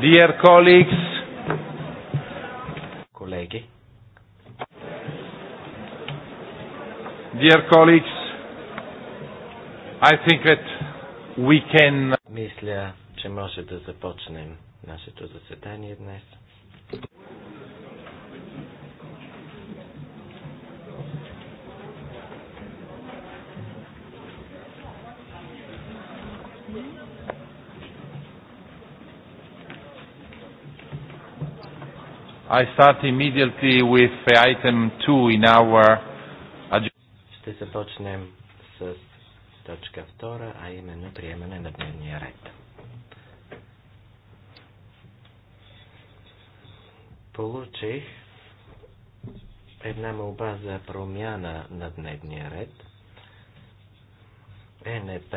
Dear colleagues, колеги, dear colleagues, I think that we can... Мисля, че може да започнем нашето заседание днес. I start immediately with item 2 in our Ще започнем с точка 2, а именно приемане на дневния ред. Получих една молба за промяна на дневния ред. Е, НП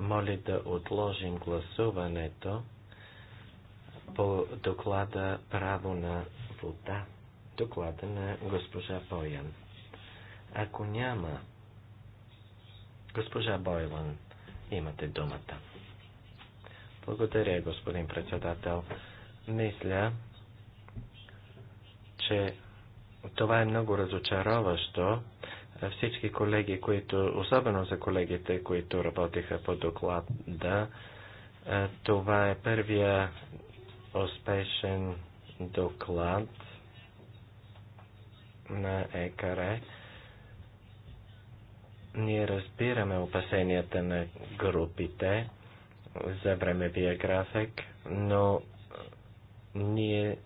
моли да отложим гласуването по доклада Право на вода, доклада на госпожа Боян. Ако няма, госпожа Бойлан, имате думата. Благодаря, господин председател. Мисля, че това е много разочароващо. Всички колеги, които, особено за колегите, които работиха по доклада, това е първия успешен доклад на ЕКР. Ние разбираме опасенията на групите за времевия график, но ние,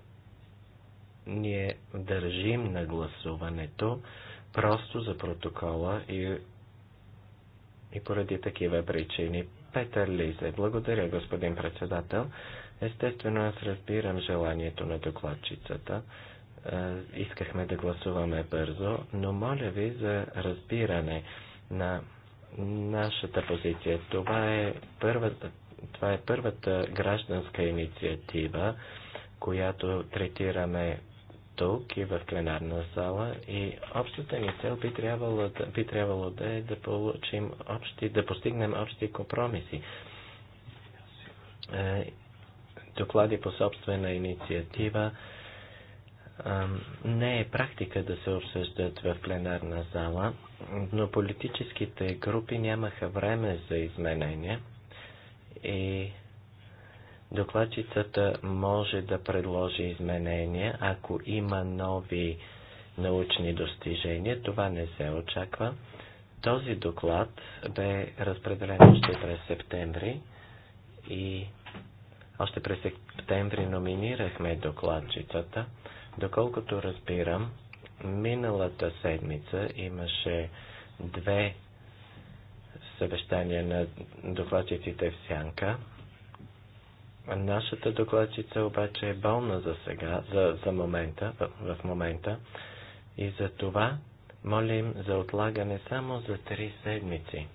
ние държим на гласуването просто за протокола и, и поради такива причини. Петър Лизе. Благодаря, господин председател. Естествено, аз разбирам желанието на докладчицата. Е, искахме да гласуваме бързо, но моля ви за разбиране на нашата позиция. Това е първата, това е първата гражданска инициатива, която третираме тук и в пленарна зала и общата ни цел би трябвало, да, би трябвало да е да получим общи, да постигнем общи компромиси. Е, доклади по собствена инициатива не е практика да се обсъждат в пленарна зала, но политическите групи нямаха време за изменения и докладчицата може да предложи изменения, ако има нови научни достижения. Това не се очаква. Този доклад бе разпределен още през септември и още през септември номинирахме докладчицата. Доколкото разбирам, миналата седмица имаше две съвещания на докладчиците в Сянка. Нашата докладчица обаче е болна за сега, за, за момента, в, в момента и за това молим за отлагане само за три седмици.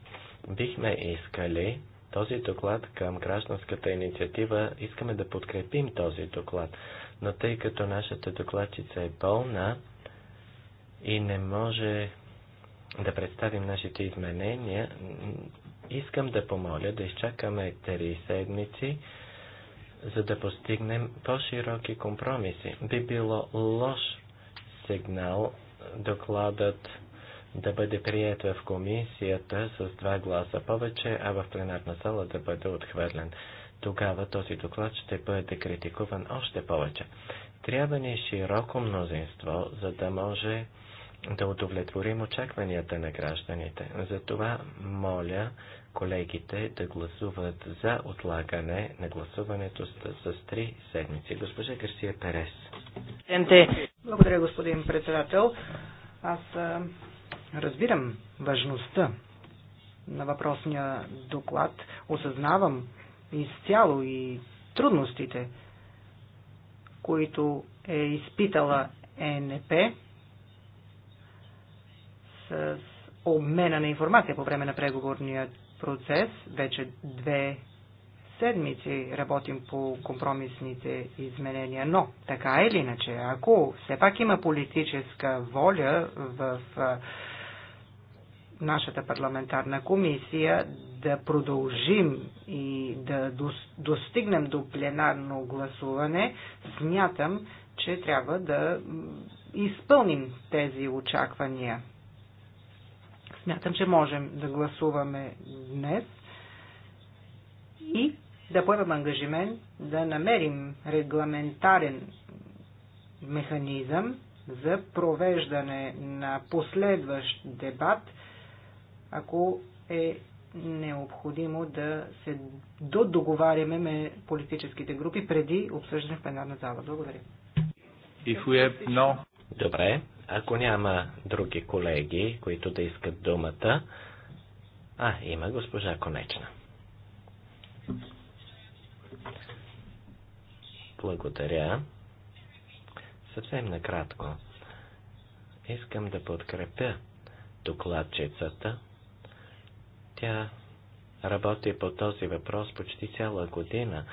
Бихме искали този доклад към гражданската инициатива. Искаме да подкрепим този доклад, но тъй като нашата докладчица е болна и не може да представим нашите изменения, искам да помоля да изчакаме три седмици, за да постигнем по-широки компромиси. Би било лош сигнал докладът да бъде прият в комисията с два гласа повече, а в пленарна зала да бъде отхвърлен. Тогава този доклад ще бъде критикуван още повече. Трябва ни широко мнозинство, за да може да удовлетворим очакванията на гражданите. Затова моля колегите да гласуват за отлагане на гласуването с, с три седмици. Госпожа Гарсия Перес. Благодаря, господин председател. Аз Разбирам важността на въпросния доклад, осъзнавам изцяло и трудностите, които е изпитала ЕНП с обмена на информация по време на преговорния процес. Вече две седмици работим по компромисните изменения, но така или иначе, ако все пак има политическа воля в нашата парламентарна комисия да продължим и да достигнем до пленарно гласуване, смятам, че трябва да изпълним тези очаквания. Смятам, че можем да гласуваме днес и да поемем ангажимент да намерим регламентарен механизъм за провеждане на последващ дебат – ако е необходимо да се додоговаряме ме политическите групи преди обсъждане в пленарна зала. Благодаря. No. Добре, ако няма други колеги, които да искат думата, а, има госпожа Конечна. Благодаря. Съвсем накратко. Искам да подкрепя докладчицата тя работи по този въпрос почти цяла година.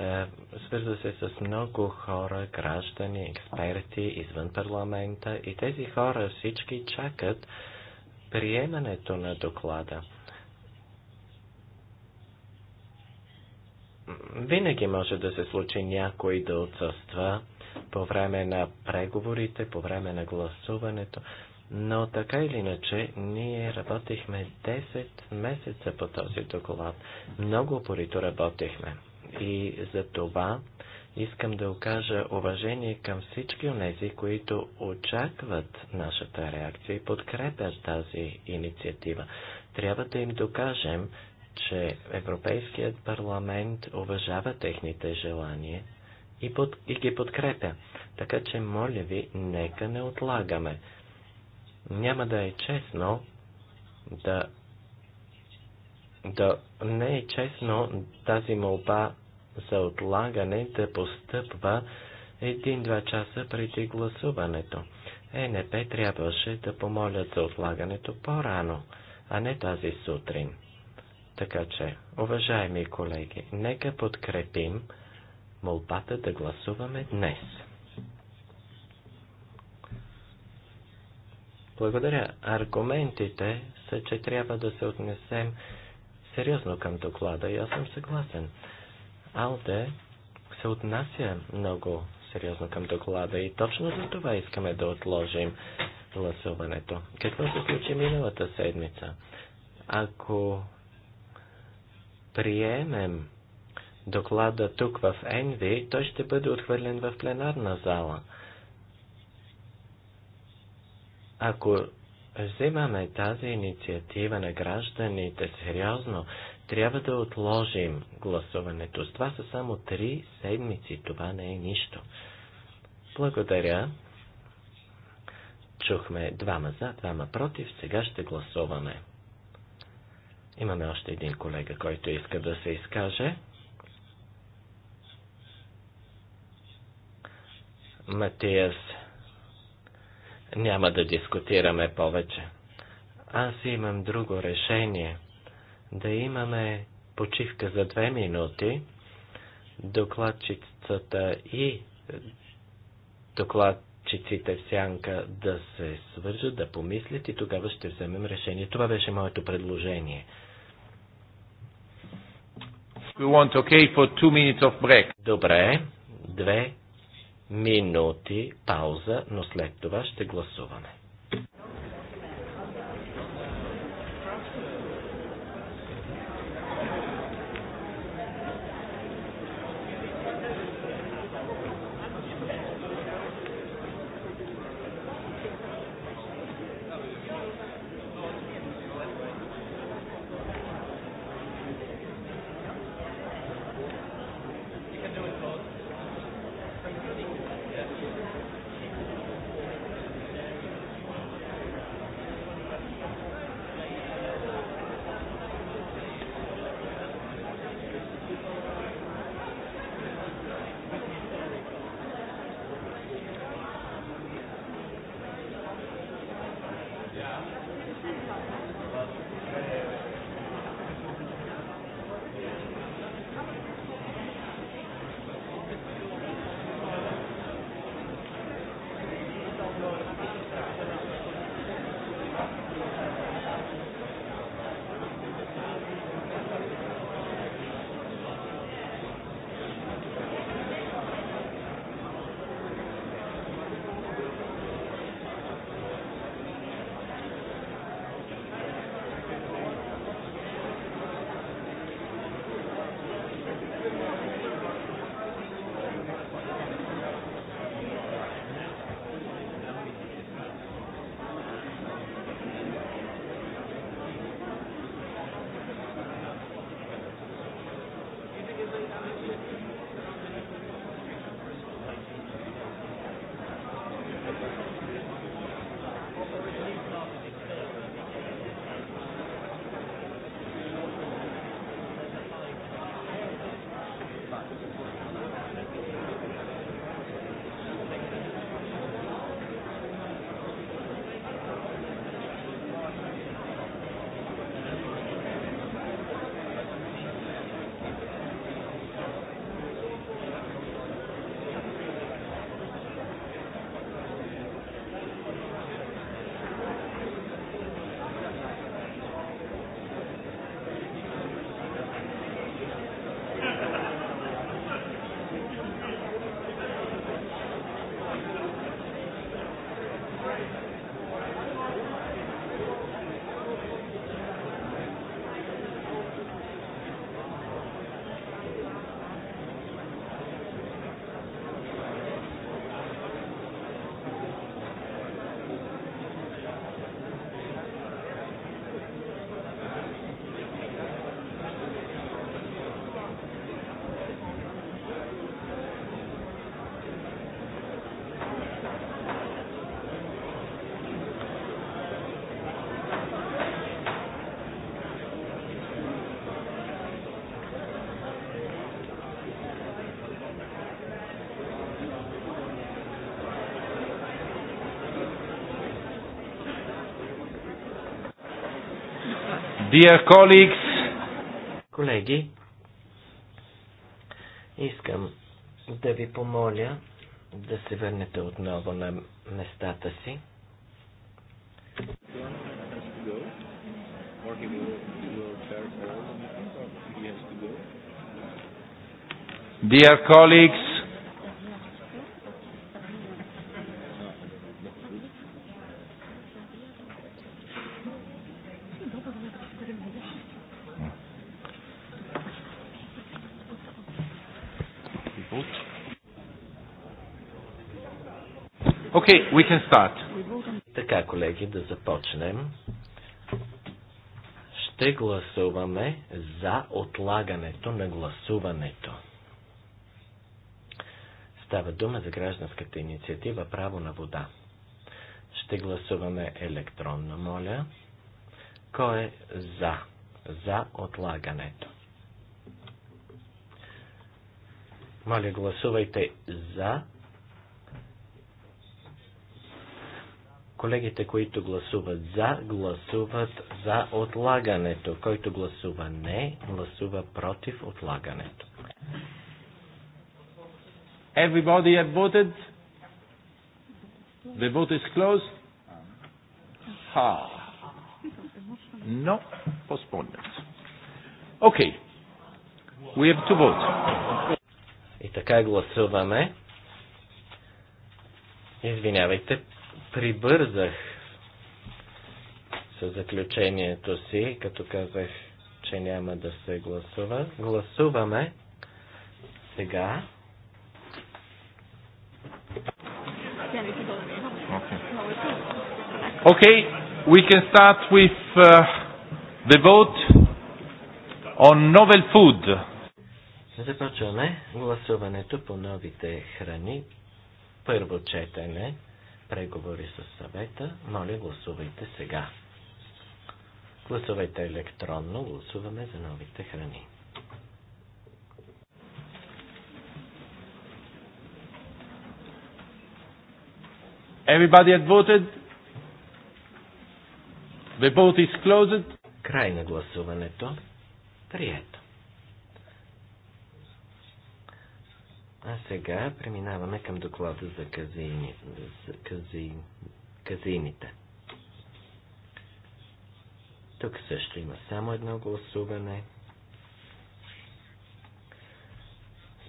Е, свързва се с много хора, граждани, експерти извън парламента и тези хора всички чакат приемането на доклада. Винаги може да се случи някой да отсъства по време на преговорите, по време на гласуването, но така или иначе, ние работихме 10 месеца по този доклад. Много порито работихме. И за това искам да окажа уважение към всички от тези, които очакват нашата реакция и подкрепят тази инициатива. Трябва да им докажем, че Европейският парламент уважава техните желания и, под, и ги подкрепя. Така че, моля ви, нека не отлагаме. Няма да е честно да, да не е честно тази молба за отлагане да постъпва един-два часа преди гласуването. бе трябваше да помолят за отлагането по-рано, а не тази сутрин. Така че, уважаеми колеги, нека подкрепим молбата да гласуваме днес. Благодаря. Аргументите са, че трябва да се отнесем сериозно към доклада и аз съм съгласен. Алде се отнася много сериозно към доклада и точно за това искаме да отложим гласуването. Какво се случи миналата седмица? Ако приемем доклада тук в Енви, той ще бъде отхвърлен в пленарна зала – ако вземаме тази инициатива на гражданите сериозно, трябва да отложим гласуването. С това са само три седмици. Това не е нищо. Благодаря. Чухме двама за, двама против. Сега ще гласуваме. Имаме още един колега, който иска да се изкаже. Матиас няма да дискутираме повече. Аз имам друго решение. Да имаме почивка за две минути. Докладчицата и докладчиците в сянка да се свържат, да помислят и тогава ще вземем решение. Това беше моето предложение. We want okay for two minutes of break. Добре, две минути пауза, но след това ще гласуваме. Dear colleagues, колеги, искам да ви помоля да се върнете отново на местата си. Dear colleagues, Okay, we can start. Така, колеги, да започнем. Ще гласуваме за отлагането на гласуването. Става дума за гражданската инициатива Право на вода. Ще гласуваме електронно, моля. Кой е за? За отлагането. Моля, гласувайте за Колегите, които гласуват за, гласуват за отлагането. Който гласува не, гласува против отлагането. Everybody have voted? The vote is closed? Ha. No postponed. Okay. We have to vote. И така гласуваме. Извинявайте, прибързах с заключението си, като казах, че няма да се гласува. Гласуваме сега. Okay, we can start with uh, the vote on novel food. Започваме гласуването по новите храни. Първо четене преговори с съвета. Моля, гласувайте сега. Гласувайте електронно, гласуваме за новите храни. Everybody had voted. The vote is closed. Край на гласуването. Прието. А сега преминаваме към доклада за, казини, за казините. Тук също има само едно гласуване.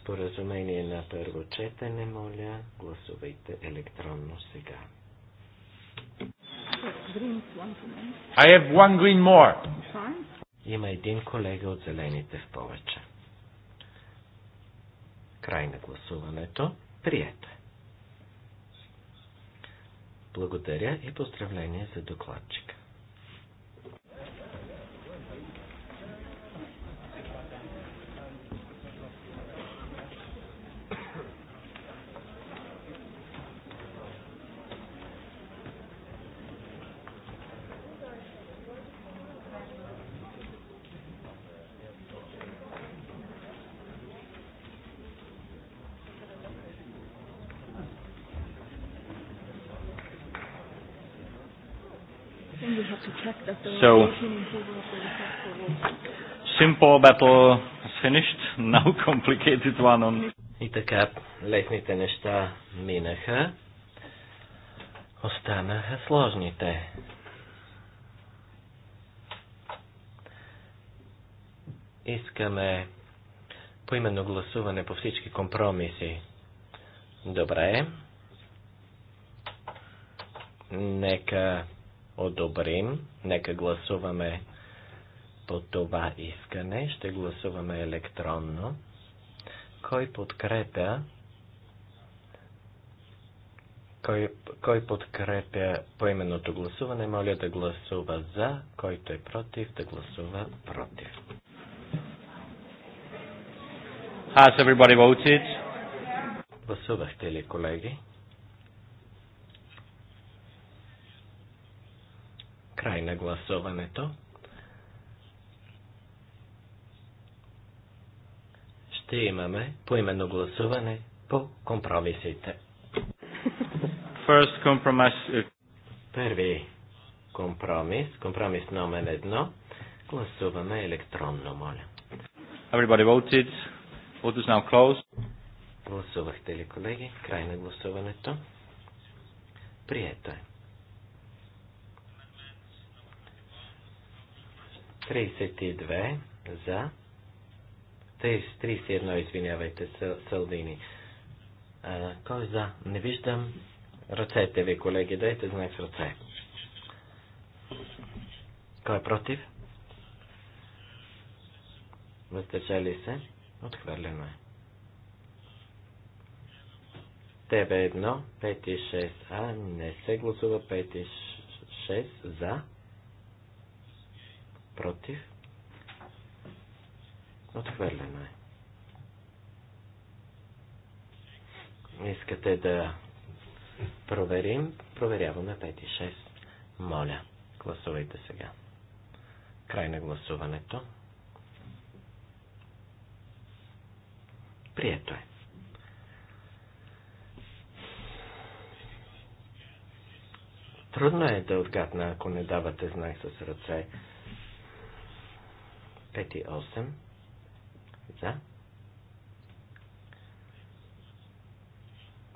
Споразумение на първо четене, моля, гласувайте електронно сега. I have one green more. Има един колега от зелените в повече. Край на гласуването. Прието е. Благодаря и поздравление за докладчика. So, simple battle is finished, now complicated one on... И така, лесните неща минаха, останаха сложните. Искаме поименно гласуване по всички компромиси. Добре. Нека одобрим. Нека гласуваме по това искане. Ще гласуваме електронно. Кой подкрепя кой, кой подкрепя поименното гласуване, моля да гласува за, който е против, да гласува против. Has everybody voted? Гласувахте ли, колеги? Край на гласуването. Ще имаме поименно гласуване по компромисите. First Първи компромис, компромис номер едно. Гласуваме електронно, моля. Everybody voted. Vote is now closed. Гласувахте ли, колеги? Край на гласуването. Прието е. 32 за. 31, извинявайте, Салдини. А, кой е за? Не виждам ръцете ви, колеги. Дайте знак с ръце. Кой е против? Въздържали се? Отхвърлено е. Тебе 1 5 и 6А, не се гласува 5 и 6 за против, отхвърлено е. Искате да проверим? Проверяваме 5 и 6. Моля, гласувайте сега. Край на гласуването. Прието е. Трудно е да отгадна, ако не давате знак с ръце. 5 и 8. За.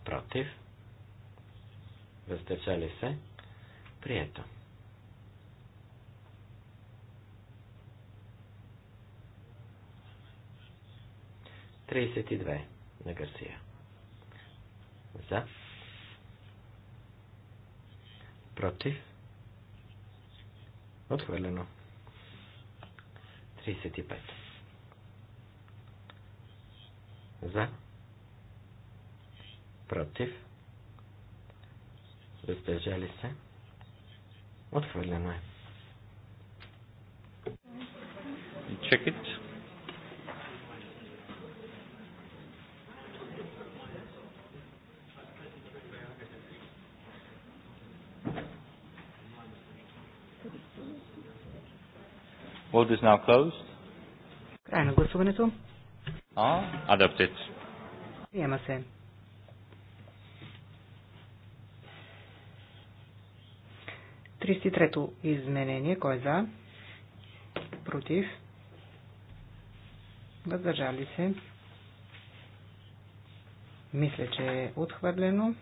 Против. Въздържали се. Прието. Тридесет и две на Гарсия. За. Против. Отхвърлено. 35. За. Против. Въздържали се. Отхвърлено е. Чекайте. Vote is now closed. Край на гласуването. А, адаптит. Приема се. Тридесет трето изменение. Кой е за? Против? Въздържали се. Мисля, че е отхвърлено.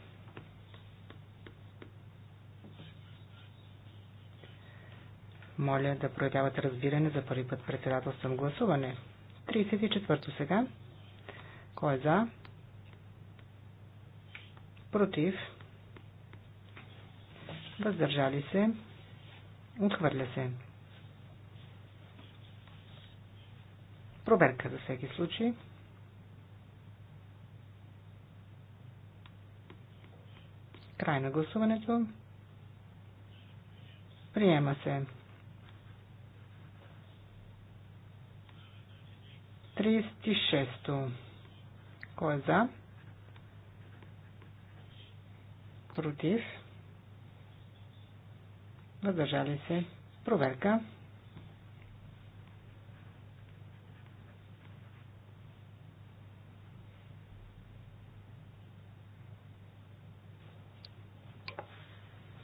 Моля да проявявате разбиране за първи път председателствам гласуване. 34 сега. Кой е за? Против? Въздържали се? Отхвърля се. Проверка за всеки случай. Край на гласуването. Приема се. 36. то Кой е за? Против? Въздържали се. Проверка.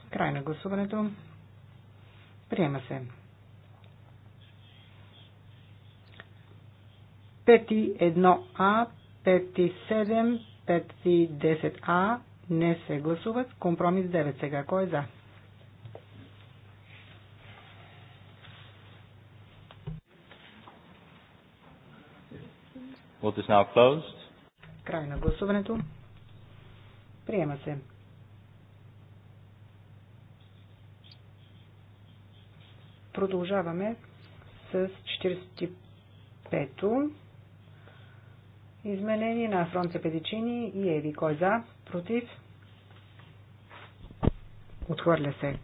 Край на гласуването. Приема се. 5.1а, 5.7, 5.10а не се гласуват. Компромис 9 сега. Кой е за? Vote is now closed. Край на гласуването. Приема се. Продължаваме с 45-то. Изменение на Фронце Педичини и Еви. Кой за? Против? Отхвърля се.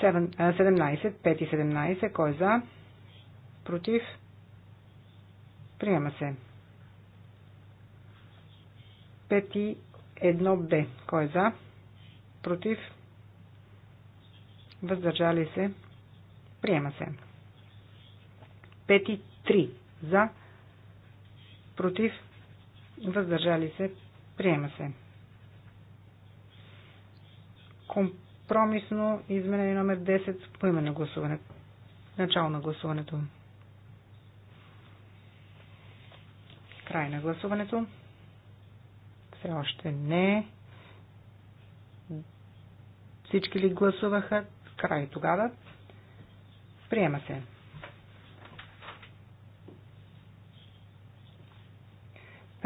17, 5 и 17. Кой за? Против? Приема се. 5 и 1 Б. Кой за? Против? Въздържали се? Приема се. 5 и 3 за, против, въздържали се, приема се. Компромисно изменение номер 10 по на гласуване. Начало на гласуването. Край на гласуването. Все още не. Всички ли гласуваха? Край тогава. Приема се.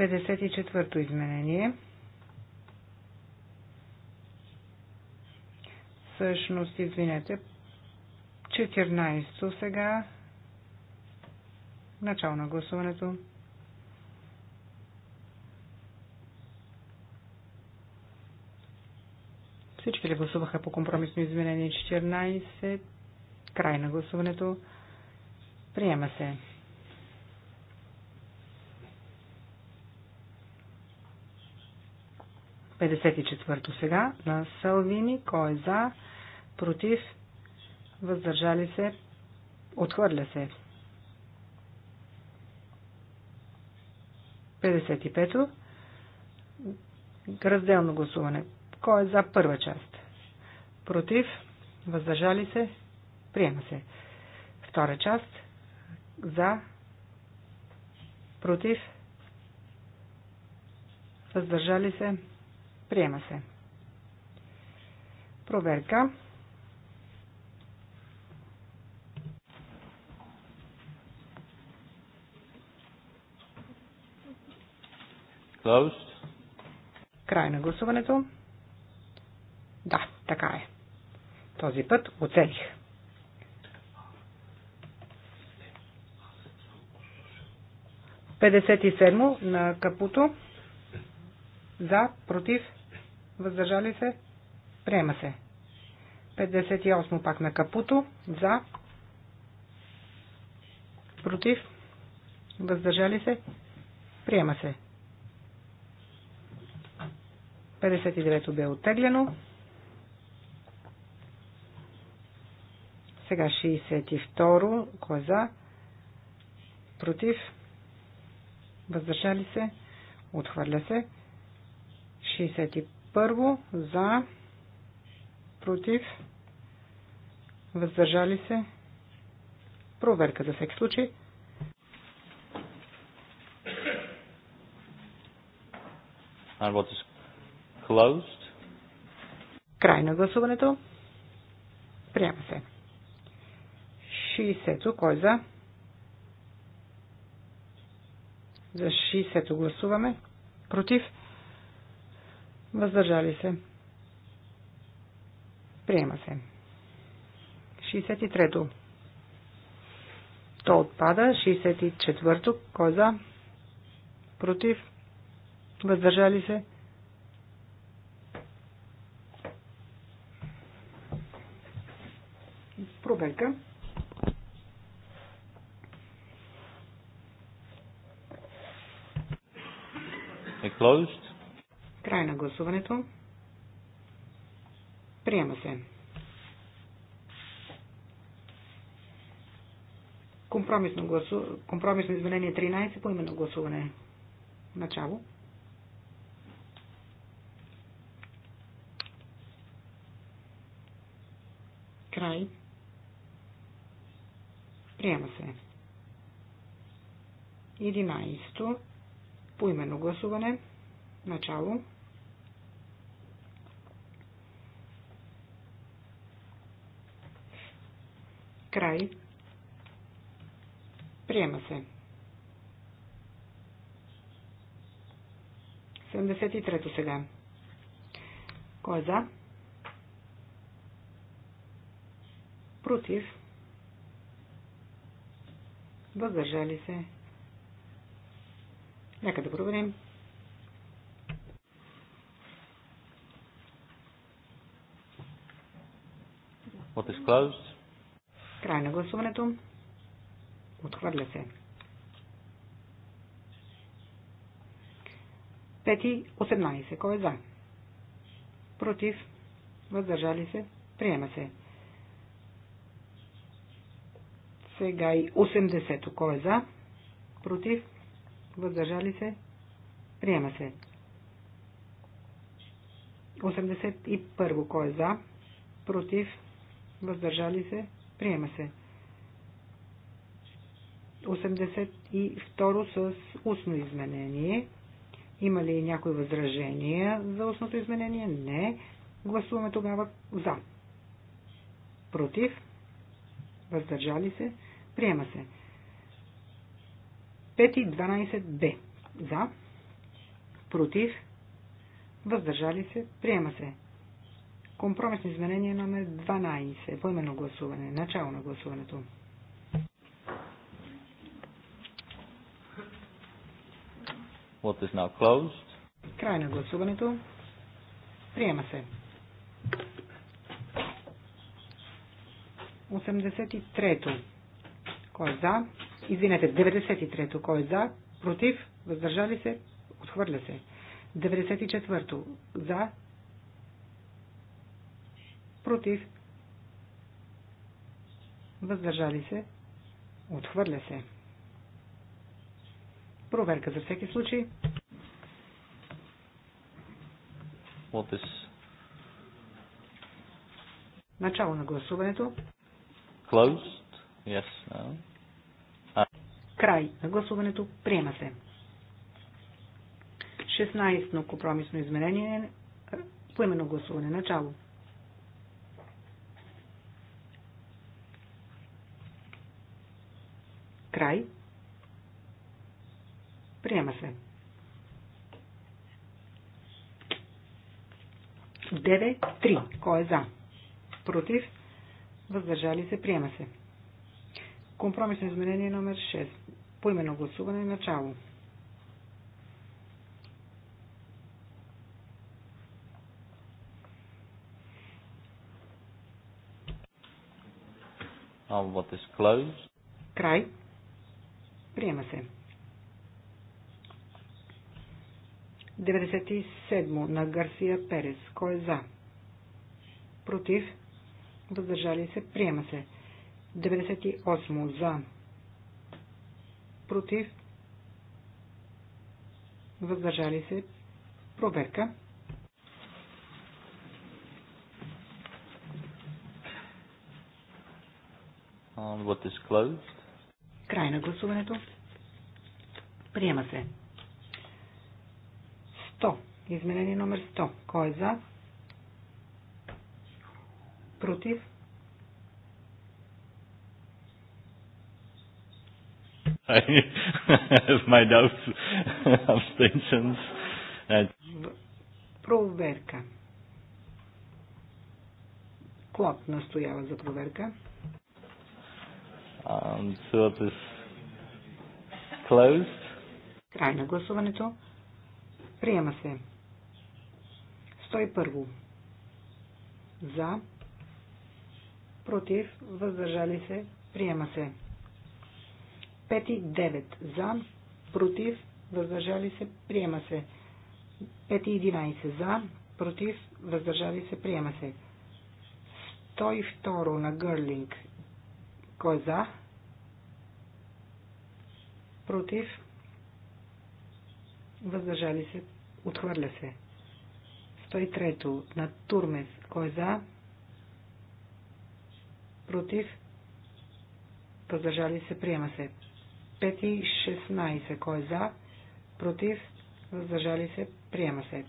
54-то изменение. Всъщност, извинете, 14-то сега. Начало на гласуването. Всички ли гласуваха по компромисно изменение 14? Край на гласуването. Приема се. 54-то сега на Салвини. Кой е за? Против? Въздържали се? Отхвърля се. 55-то. Разделно гласуване. Кой е за първа част? Против? Въздържали се? Приема се. Втора част. За? Против? Въздържали се? Приема се. Проверка. Closed. Край на гласуването. Да, така е. Този път оцелих. Петдесет и седмо на капуто. За, против, въздържали се, приема се. 58 пак на Капуто, за, против, въздържали се, приема се. 59 бе оттеглено. Сега 62, кой е за, против, въздържали се, отхвърля се. 65 първо за, против, въздържали се. Проверка за всеки случай. And what is closed? Край на гласуването. Приема се. 60-то, кой е за? За 60-то гласуваме. Против? Въздържали се. Приема се. 63-то. То отпада. 64-то. Кой е за? Против. Въздържали се. Проверка. Е closed. Край на гласуването. Приема се. Компромисно, гласу... Компромисно изменение 13 по именно гласуване. Начало. Край. Приема се. 11. Поименно гласуване. Начало. Начало. Край. Приема се. 73 то сега. Кой е за? Против. Въздържали се. Нека да проверим. What is closed? Край на гласуването. Отхвърля се. Пети 18. Кой е за? Против. Въздържали се. Приема се. Сега и 80. Кой е за? Против. Въздържали се. Приема се. 81. Кой е за? Против. Въздържали се. Приема се. 82 с устно изменение. Има ли някои възражения за устното изменение? Не. Гласуваме тогава за. Против. Въздържали се. Приема се. 5 и 12 За. Против. Въздържали се. Приема се. Компромисно изменение номер 12. Поименно гласуване. Начало на гласуването. What is now closed? Край на гласуването. Приема се. 83-то. Кой е за? Извинете, 93-то. Кой е за? Против? Въздържали се? Отхвърля се. 94-то. За? против, въздържали се, отхвърля се. Проверка за всеки случай. Начало на гласуването. Closed. Yes. No. А... Край на гласуването. Приема се. 16 но компромисно изменение. Поименно гласуване. Начало. Край. Приема се. 9-3. Кой е за? Против? Въздържали се? Приема се. Компромисно изменение номер 6. Поименно гласуване начало. Край. Приема се. 97 на Гарсия Перес. Кой е за? Против? Въздържали се? Приема се. 98 за. Против? Въздържали се? Проверка. On what is closed. Край на гласуването. Приема се. 100. Изменение номер 100. Кой е за? Против? I have my doubts, abstentions. Проверка. Клод настоява за проверка. Um, is closed. Край на гласуването. Приема се. 101. За. Против. Въздържали се. Приема се. 5.9. и 9. За. Против. Въздържали се. Приема се. 5.11. и 11. За. Против. Въздържали се. Приема се. 102 на Гърлинг. Кой е за? Против? Въздържали се? Отхвърля се. 103 на Турмес. Кой е за? Против? Въздържали се? Приема се. 5 и 16. Кой е за? Против? Въздържали се? Приема се.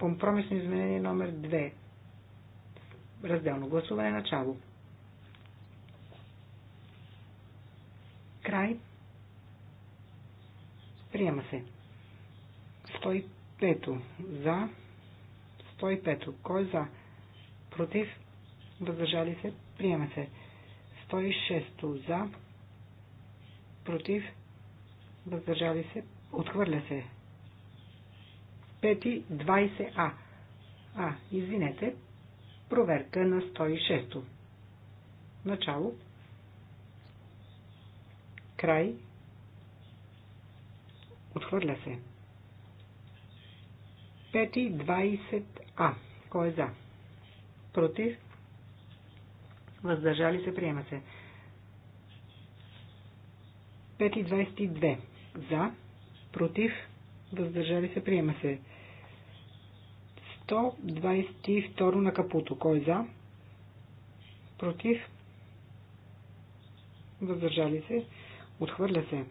Компромисно изменение номер 2. Разделно гласуване начало. Край. Приема се. 105 за. 105 кой е за? Против. Въздържали се. Приема се. 106 за. Против. Въздържали се. Отхвърля се. 5 20а. А, извинете. Проверка на 106. Начало. 106. Край. Отхвърля се. 5.20а. Кой е за? Против? Въздържали се, приема се. 5.22. За? Против? Въздържали се, приема се. 122 на капуто. Кой е за? Против? Въздържали се. Отхвърля се.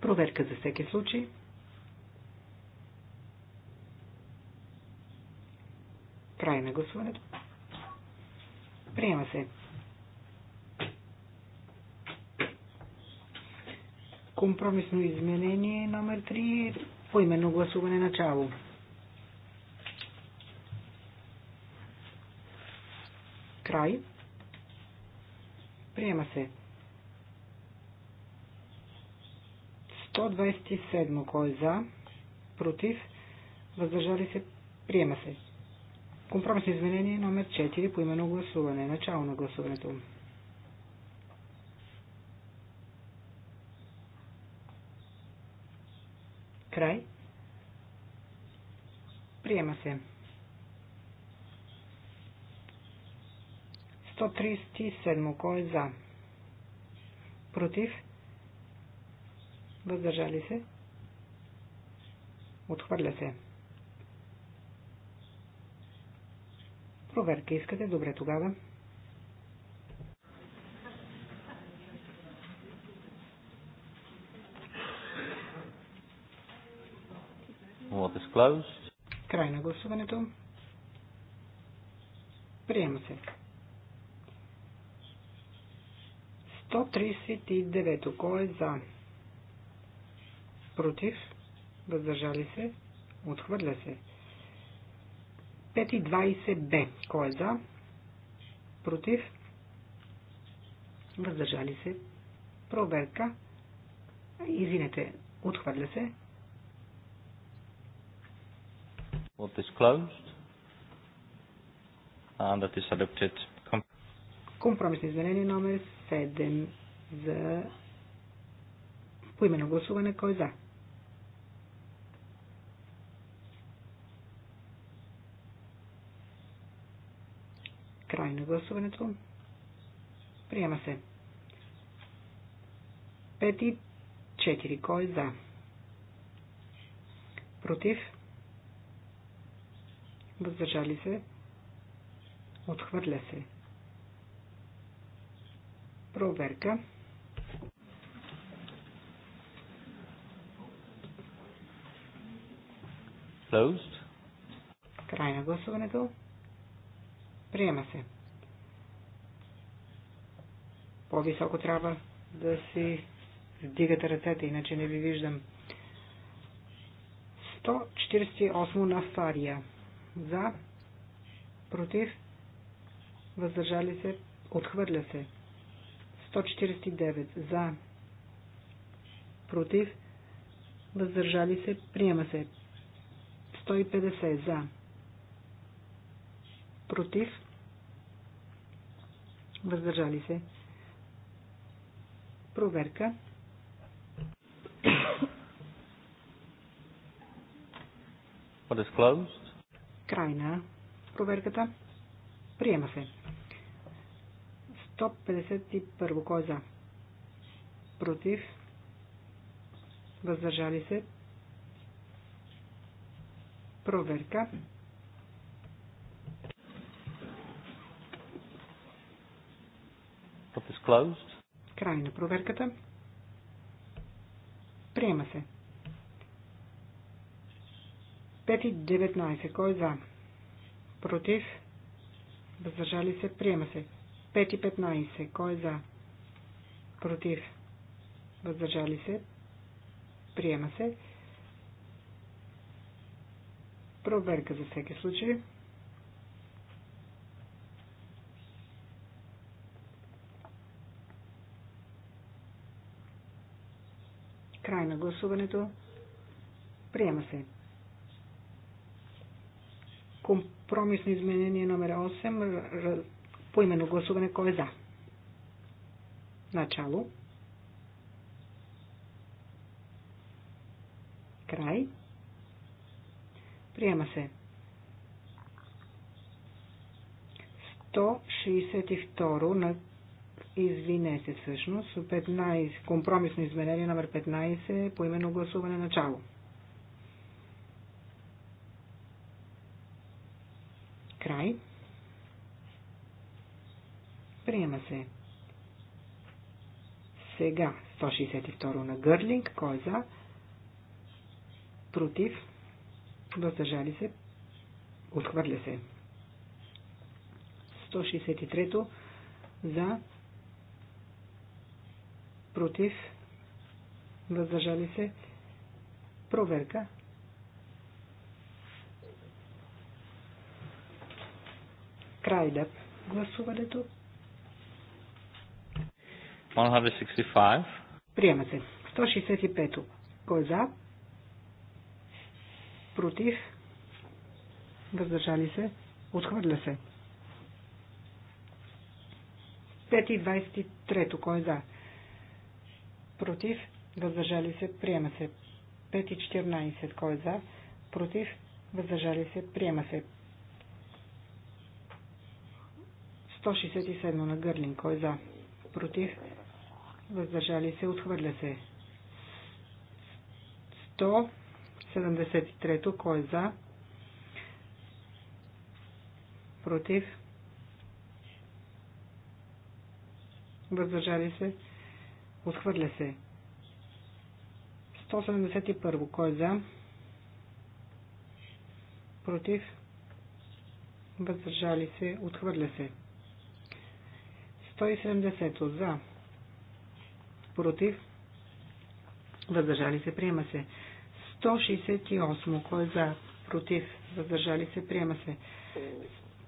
Проверка за всеки случай. Край на гласуването. Приема се. Компромисно изменение номер 3. по именно гласуване начало. Край. Приема се. 127. Кой е за? Против? Въздържали се? Приема се. Компромис изменение номер 4 по именно гласуване. Начало на гласуването. Край. Приема се. 137. Кой е за? Против? Въздържали се. Отхвърля се. Проверка искате? Добре тогава. Край на гласуването. Приема се. 139. Кой е за? против, въздържали се, отхвърля се. 5.20b. Кой е за? Против? Въздържали се. Проверка. Извинете, отхвърля се. What is closed? And ah, that is adopted. Компромисно изменение номер 7 за поименно гласуване. Кой е за? Край на гласуването. Приема се. 5 и 4. Кой е за? Против? Въздържали се? Отхвърля се. Проверка. Closed. Край на гласуването. Приема се. По-високо трябва да си вдигате ръцете, иначе не ви виждам. 148 на Фария. За, против, въздържали се, отхвърля се. 149. За, против, въздържали се, приема се. 150. За, против, въздържали се. Проверка. Крайна проверката. Приема се. 151. Кой е за? Против. Въздържали се. Проверка. is closed. Край на проверката. Приема се. 5.19. Кой е за? Против? Въздържали се? Приема се. 5.15. Кой е за? Против? Въздържали се? Приема се. Проверка за всеки случай. Край на гласуването. Приема се. Компромисно изменение номер 8. Поименно гласуване. Кой е за? Начало. Край. Приема се. 162 на извинете всъщност, 15, компромисно изменение номер 15 по именно гласуване начало. Край. Приема се. Сега 162 на Гърлинг. Кой е за? Против. Въздържали се. Отхвърля се. 163 за против, въздържали се, проверка. Край да гласуването. 165. Приема се. 165. то Кой е за? Против? Въздържали се? Отхвърля се. 5 и 23. Кой е за? против, въздържали се, приема се. 5 и 14, кой е за, против, въздържали се, приема се. 167 на Гърлин, кой е за, против, въздържали се, отхвърля се. 173, кой е за, против, въздържали се, Отхвърля се. 171. Кой е за? Против? Въздържали се. Отхвърля се. 170. За. Против? Въздържали се. Приема се. 168. Кой е за? Против? Въздържали се. Приема се.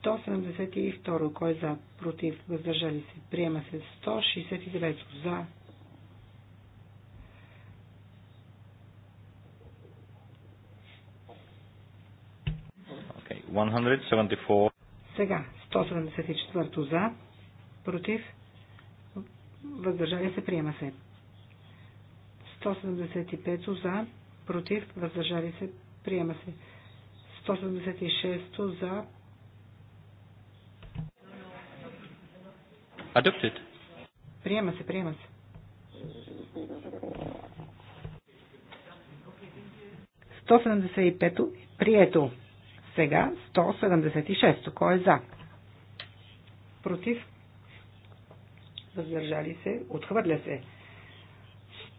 172. Кой е за? Против? Въздържали се. Приема се. 169. За 174. Сега, 174 за, против, въздържали се, приема се. 175 за, против, въздържали се, приема се. 176 за. Adopted. Приема се, приема се. прието. Сега 176. Кой е за? Против? Въздържали се? Отхвърля се.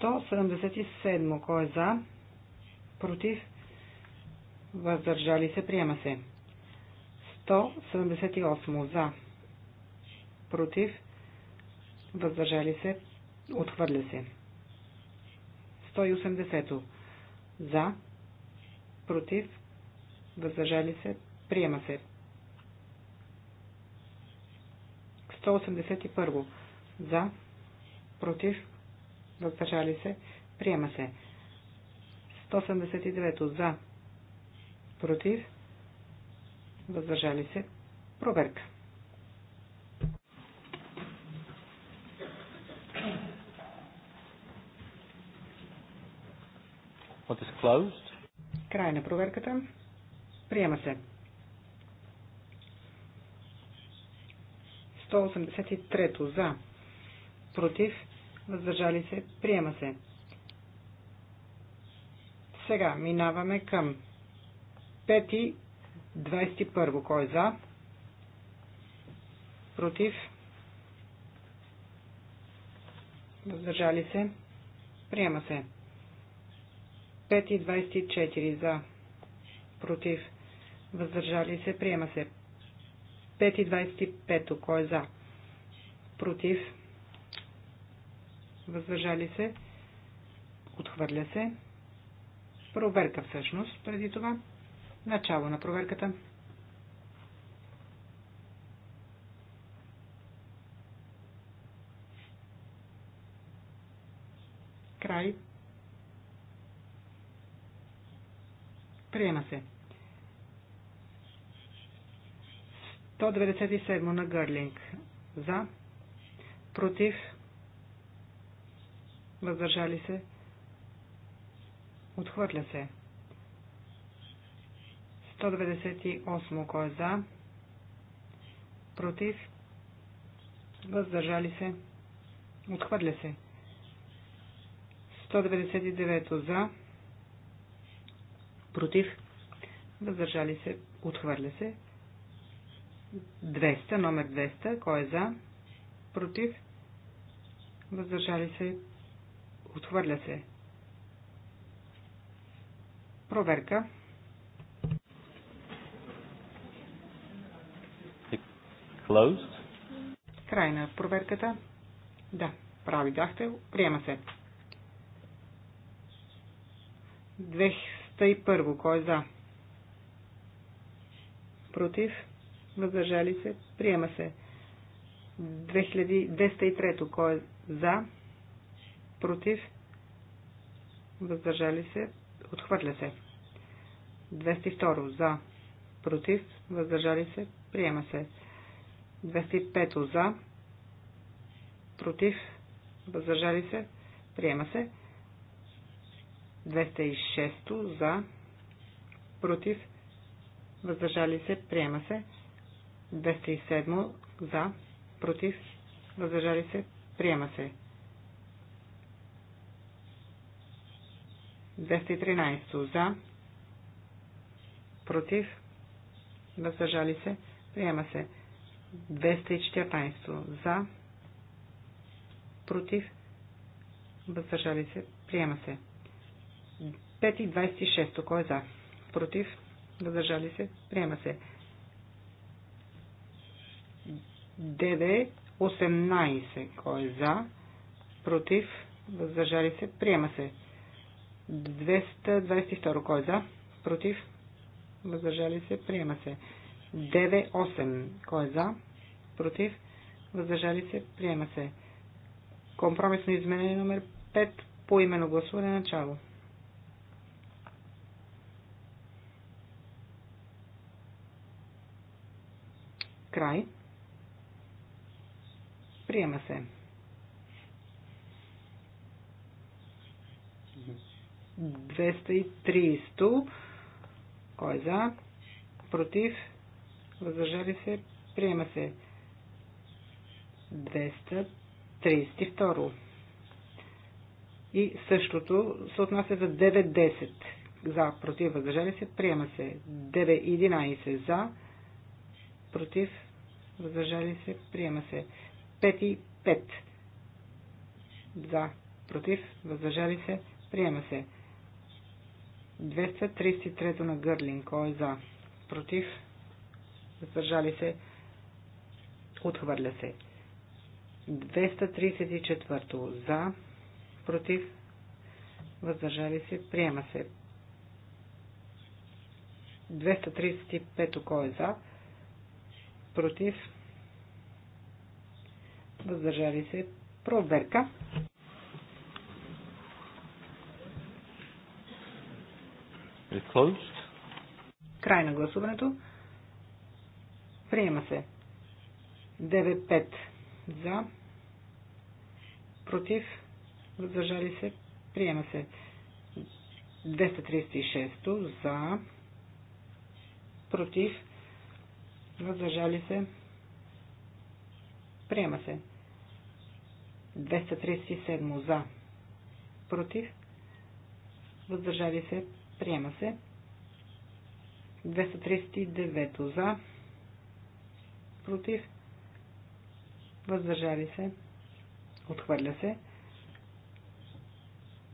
177. Кой е за? Против? Въздържали се? Приема се. 178. За? Против? Въздържали се? Отхвърля се. 180. За? Против? въздържали се, приема се. 181. За, против, въздържали се, приема се. 179. За, против, въздържали се, проверка. What is closed? Край на проверката. Приема се. 183 за. Против. Въздържали се. Приема се. Сега минаваме към 5 21. Кой е за? Против. Въздържали се. Приема се. 5 24 за. Против въздържали се, приема се. 5,25, кой е за? Против, въздържали се, отхвърля се. Проверка всъщност преди това. Начало на проверката. Край. Приема се. 197 на Гърлинг. За. Против. Въздържали се. Отхвърля се. 198 кой е за. Против. Въздържали се. Отхвърля се. 199 за. Против. Въздържали се. Отхвърля се. 200, номер 200. Кой е за? Против? Въздържали се? Отхвърля се. Проверка. Е, closed. Край на проверката. Да, прави бяхте. Приема се. 201. Кой е за? Против? въздържали се, приема се. 2203. Кой е за, против, въздържали се, отхвърля се. 202. За, против, въздържали се, приема се. 205. За, против, въздържали се, приема се. 206. За, против, въздържали се, приема се. 207 за, против, въздържали се, приема се. 213 за, против, въздържали се, приема се. 214 за, против, въздържали се, приема се. 526, кой е за? Против, въздържали се, приема се. ДД 18. Кой е за? Против? Въздържали се? Приема се. 222. Кой е за? Против? Въздържали се? Приема се. 98, 8. Кой е за? Против? Въздържали се? Приема се. Компромисно изменение номер 5 по имено гласуване начало. Край. Приема се. Двеста и Кой е за? Против? Въздържали се? Приема се. 232. И същото се отнася за 9-10. За, против, въздържали се, приема се. 9-11 за, против, въздържали се, приема се пети, пет. За. Против. Въздържали се. Приема се. 233 на Гърлин. Кой е за? Против. Въздържали се. Отхвърля се. 234 за. Против. Въздържали се. Приема се. 235 кой е за? Против въздържали се проверка. Край на гласуването. Приема се. 9-5 за. Против. Въздържали се. Приема се. 236 за. Против. Въздържали се. Приема се. 237 за. Против. Въздържали се. Приема се. 239 за. Против. Въздържали се. Отхвърля се.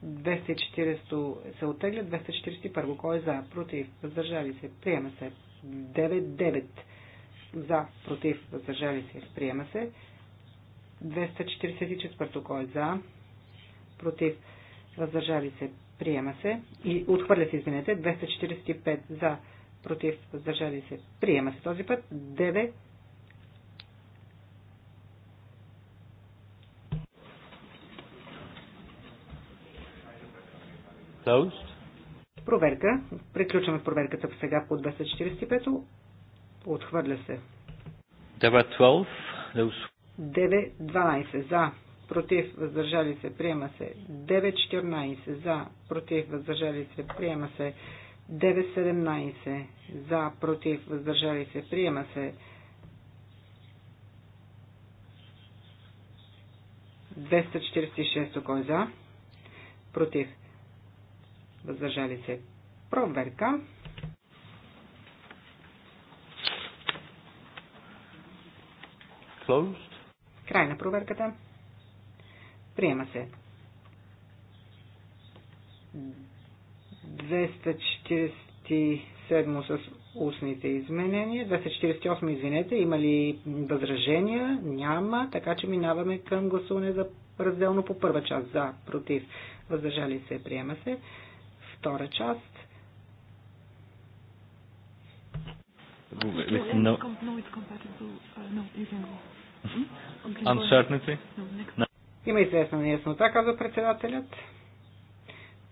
240 се отегля. 241. Кой е за? Против. Въздържали се. Приема се. 99 за. Против. Въздържали се. Приема се. 244 кой е за, против, въздържали се, приема се и отхвърля се, извинете, 245 за, против, въздържали се, приема се този път, 9 Closed. Проверка. Приключваме проверката сега по 245. Отхвърля се. 912. 9-12 за, против, въздържали се, приема се. 9-14 за, против, въздържали се, приема се. 9-17 за, против, въздържали се, приема се. 246 кой е за, против, въздържали се. Проверка. Closed. Край на проверката. Приема се. 247 с устните изменения. 248, извинете, има ли възражения? Няма, така че минаваме към гласуване за разделно по първа част. За, против, въздържали се, приема се. Втора част. No. it's compatible. Uh, no, you can go. Uncertainty? Има известна неяснота, казва председателят.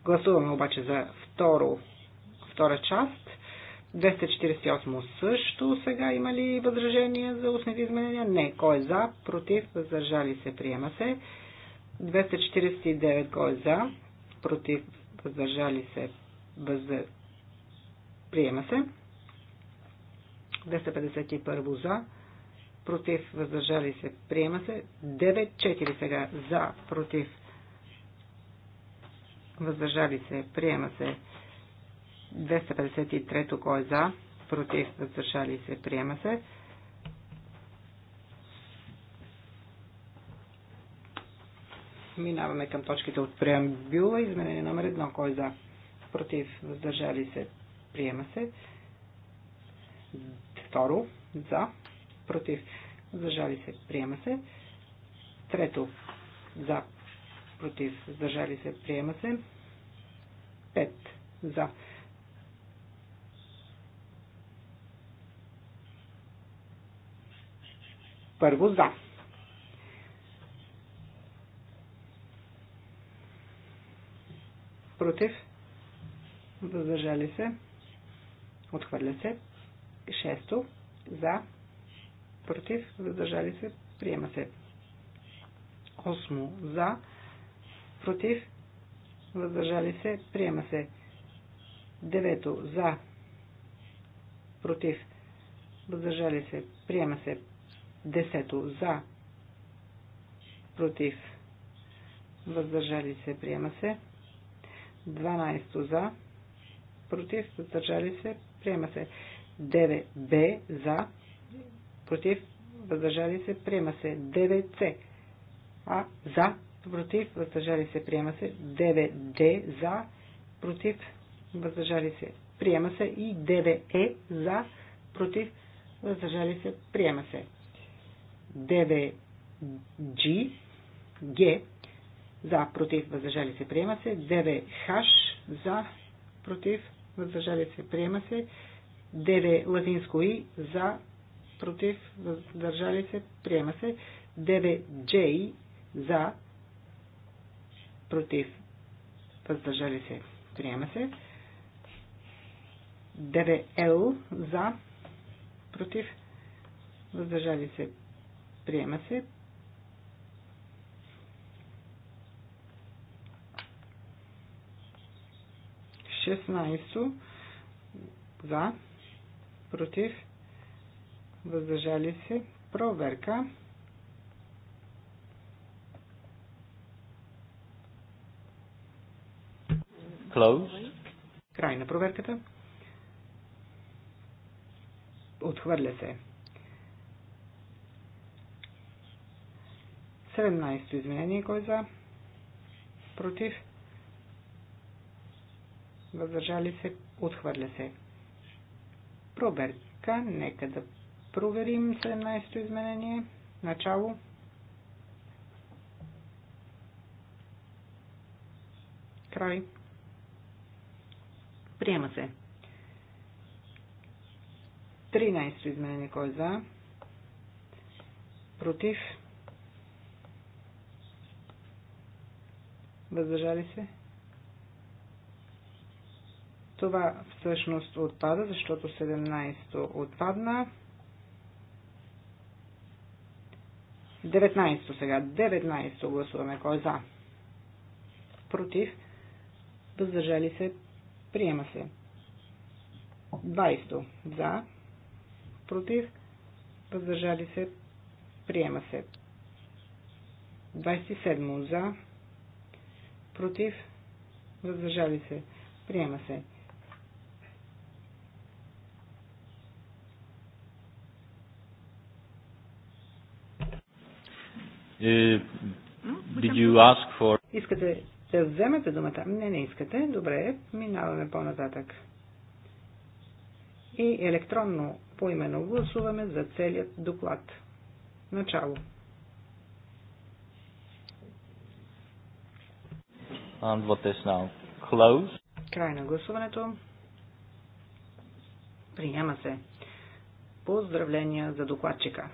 Гласуваме обаче за второ, втора част. 248 също сега има ли възражения за устните изменения? Не. Кой е за? Против? Въздържали се? Приема се. 249 кой е за? Против? Въздържали се? Въздър... Приема се. 251 за? против, въздържали се, приема се. 9-4 сега, за, против, въздържали се, приема се. 253 кой е за, против, въздържали се, приема се. Минаваме към точките от преамбюла. Изменение номер 1. Кой е за? Против. Въздържали се. Приема се. Второ. За против, въздържали се, приема се. Трето, за, против, въздържали се, приема се. Пет, за. Първо за. Против, въздържали се, отхвърля се. Шесто, за, против, въздържали се, приема се. 8 за, против, въздържали се, приема се. 9 за, против, въздържали се, приема се. 10 за, против, въздържали се, приема се. 12 за, против, въздържали се, приема се. 9 б за, против, въздържали се, приема се. 9C. А за, против, въздържали се, приема се. 9D за, против, въздържали се, приема се. И 9E е. за, против, въздържали се, приема се. 9G, G, за, против, въздържали се, приема се. 9H, за, против, въздържали се, приема се. 9 латинско и, за, против, въздържали се, приема се. 9J за, против, въздържали се, приема се. 9L за, против, въздържали се, приема се. Шестнайсто за, против, въздържали се, проверка. Close. Край на проверката. Отхвърля се. 17-то изменение. Кой е за? Против? Въздържали се? Отхвърля се. Проверка. Нека да проверим 17-то изменение. Начало. Край. Приема се. 13-то изменение. Кой е за? Против? Въздържали се? Това всъщност отпада, защото 17-то отпадна. 19 сега. 19 гласуваме. Кой е за? Против. Въздържали се. Приема се. 20 за. Против. Въздържали се. Приема се. 27 за. Против. Въздържали се. Приема се. Е, did you ask for... Искате да вземете думата? Не, не искате. Добре, минаваме по-нататък. И електронно поименно гласуваме за целият доклад. Начало. And what is now? Close. Край на гласуването. Приема се. Поздравления за докладчика.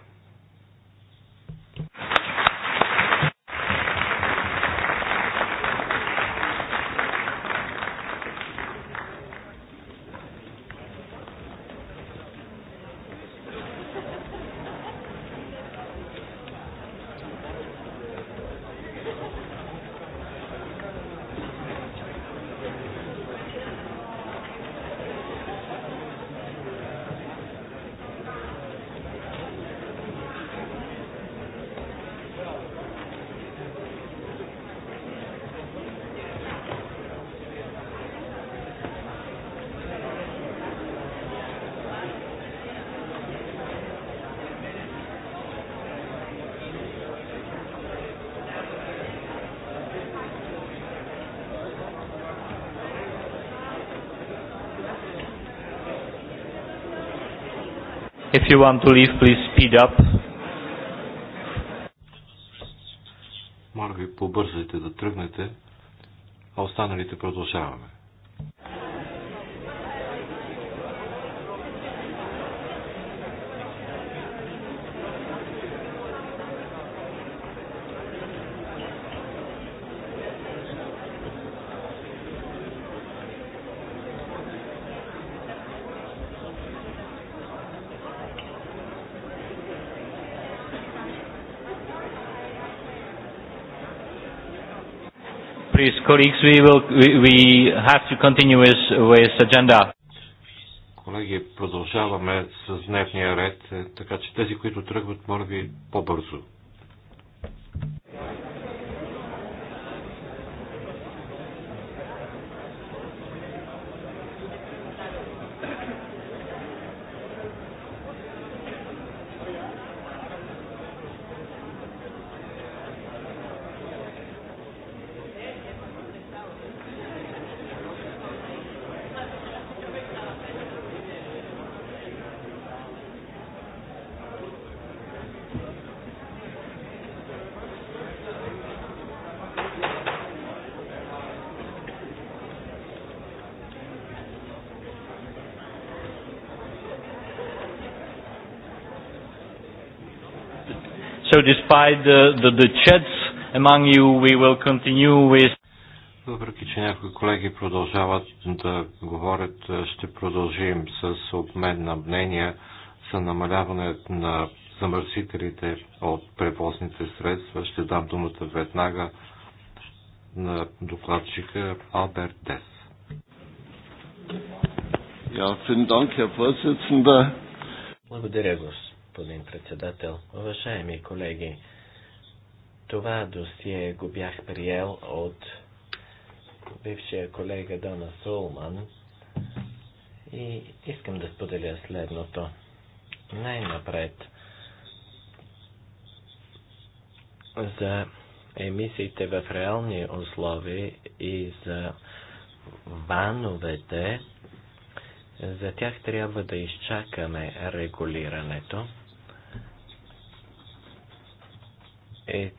If you want to leave, please speed up. Моля ви, побързайте да тръгнете, а останалите продължаваме. colleagues, we will we, we have to continue with, with agenda. Колеги, продължаваме с дневния ред, е, така че тези, които тръгват, моля ви по-бързо. despite the, the, the chats among you, we will continue with въпреки, че някои колеги продължават да говорят, ще продължим с обмен на мнения за намаляване на замърсителите от превозните средства. Ще дам думата веднага на докладчика Алберт Дес. Благодаря, господин господин председател. Уважаеми колеги, това досие го бях приел от бившия колега Дона Сулман и искам да споделя следното. Най-напред за емисиите в реални условия и за вановете, за тях трябва да изчакаме регулирането. е,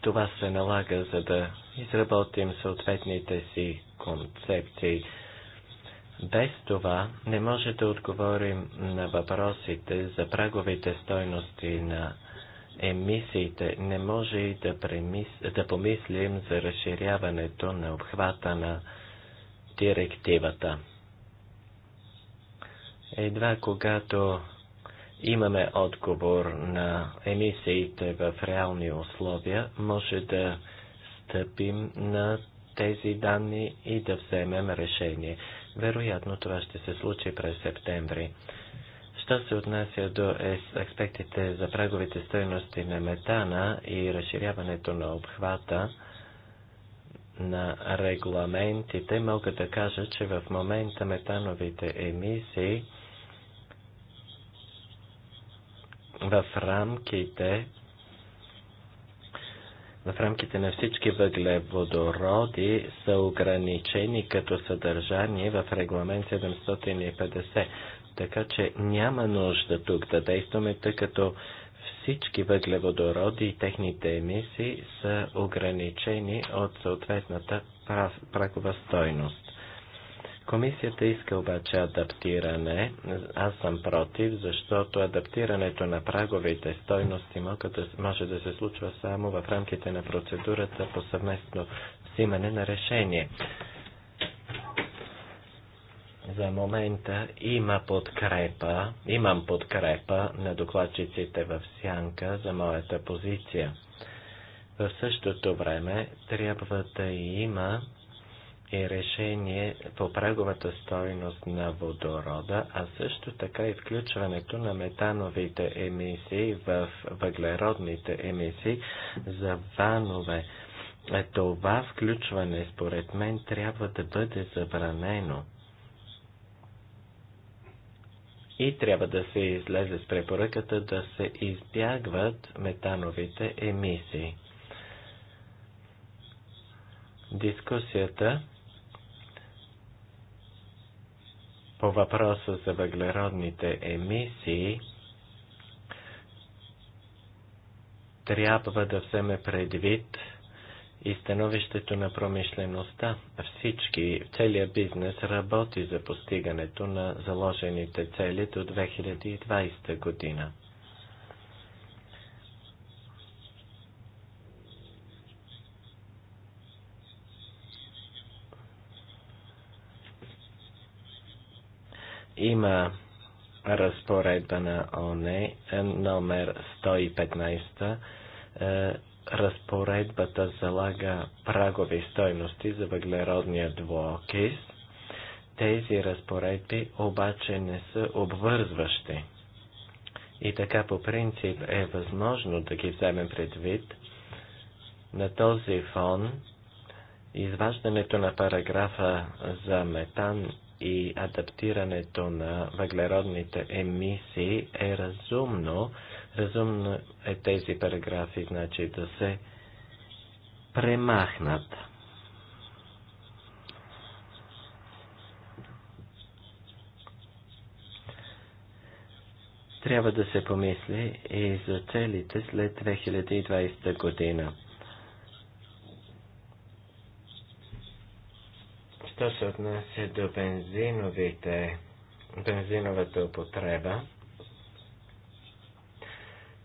това се налага, за да изработим съответните си концепции. Без това не може да отговорим на въпросите за праговите стойности на емисиите. Не може и да, премис... да помислим за разширяването на обхвата на директивата. Едва когато имаме отговор на емисиите в реални условия, може да стъпим на тези данни и да вземем решение. Вероятно това ще се случи през септември. Що се отнася до аспектите за праговите стоености на метана и разширяването на обхвата на регламентите, мога да кажа, че в момента метановите емисии – в рамките в рамките на всички въглеводороди са ограничени като съдържание в регламент 750. Така че няма нужда тук да действаме, тъй като всички въглеводороди и техните емисии са ограничени от съответната прагова стойност. Комисията иска обаче адаптиране. Аз съм против, защото адаптирането на праговите стойности може да се случва само в рамките на процедурата по съвместно взимане на решение. За момента има подкрепа, имам подкрепа на докладчиците в Сянка за моята позиция. В същото време трябва да има и решение по праговата стойност на водорода, а също така и включването на метановите емисии в въглеродните емисии за ванове. Е, това включване, според мен, трябва да бъде забранено. И трябва да се излезе с препоръката да се избягват метановите емисии. Дискусията по въпроса за въглеродните емисии трябва да вземе предвид и становището на промишлеността. Всички, целият бизнес работи за постигането на заложените цели до 2020 година. Има разпоредба на ОНЕ е, номер 115. Е, разпоредбата залага прагови стойности за въглеродния двуокис. Тези разпоредби обаче не са обвързващи. И така по принцип е възможно да ги вземем предвид. На този фон изваждането на параграфа за метан и адаптирането на въглеродните емисии е разумно. Разумно е тези параграфи, значи да се премахнат. Трябва да се помисли и за целите след 2020 година. Що се отнася до бензиновите, бензиновата употреба,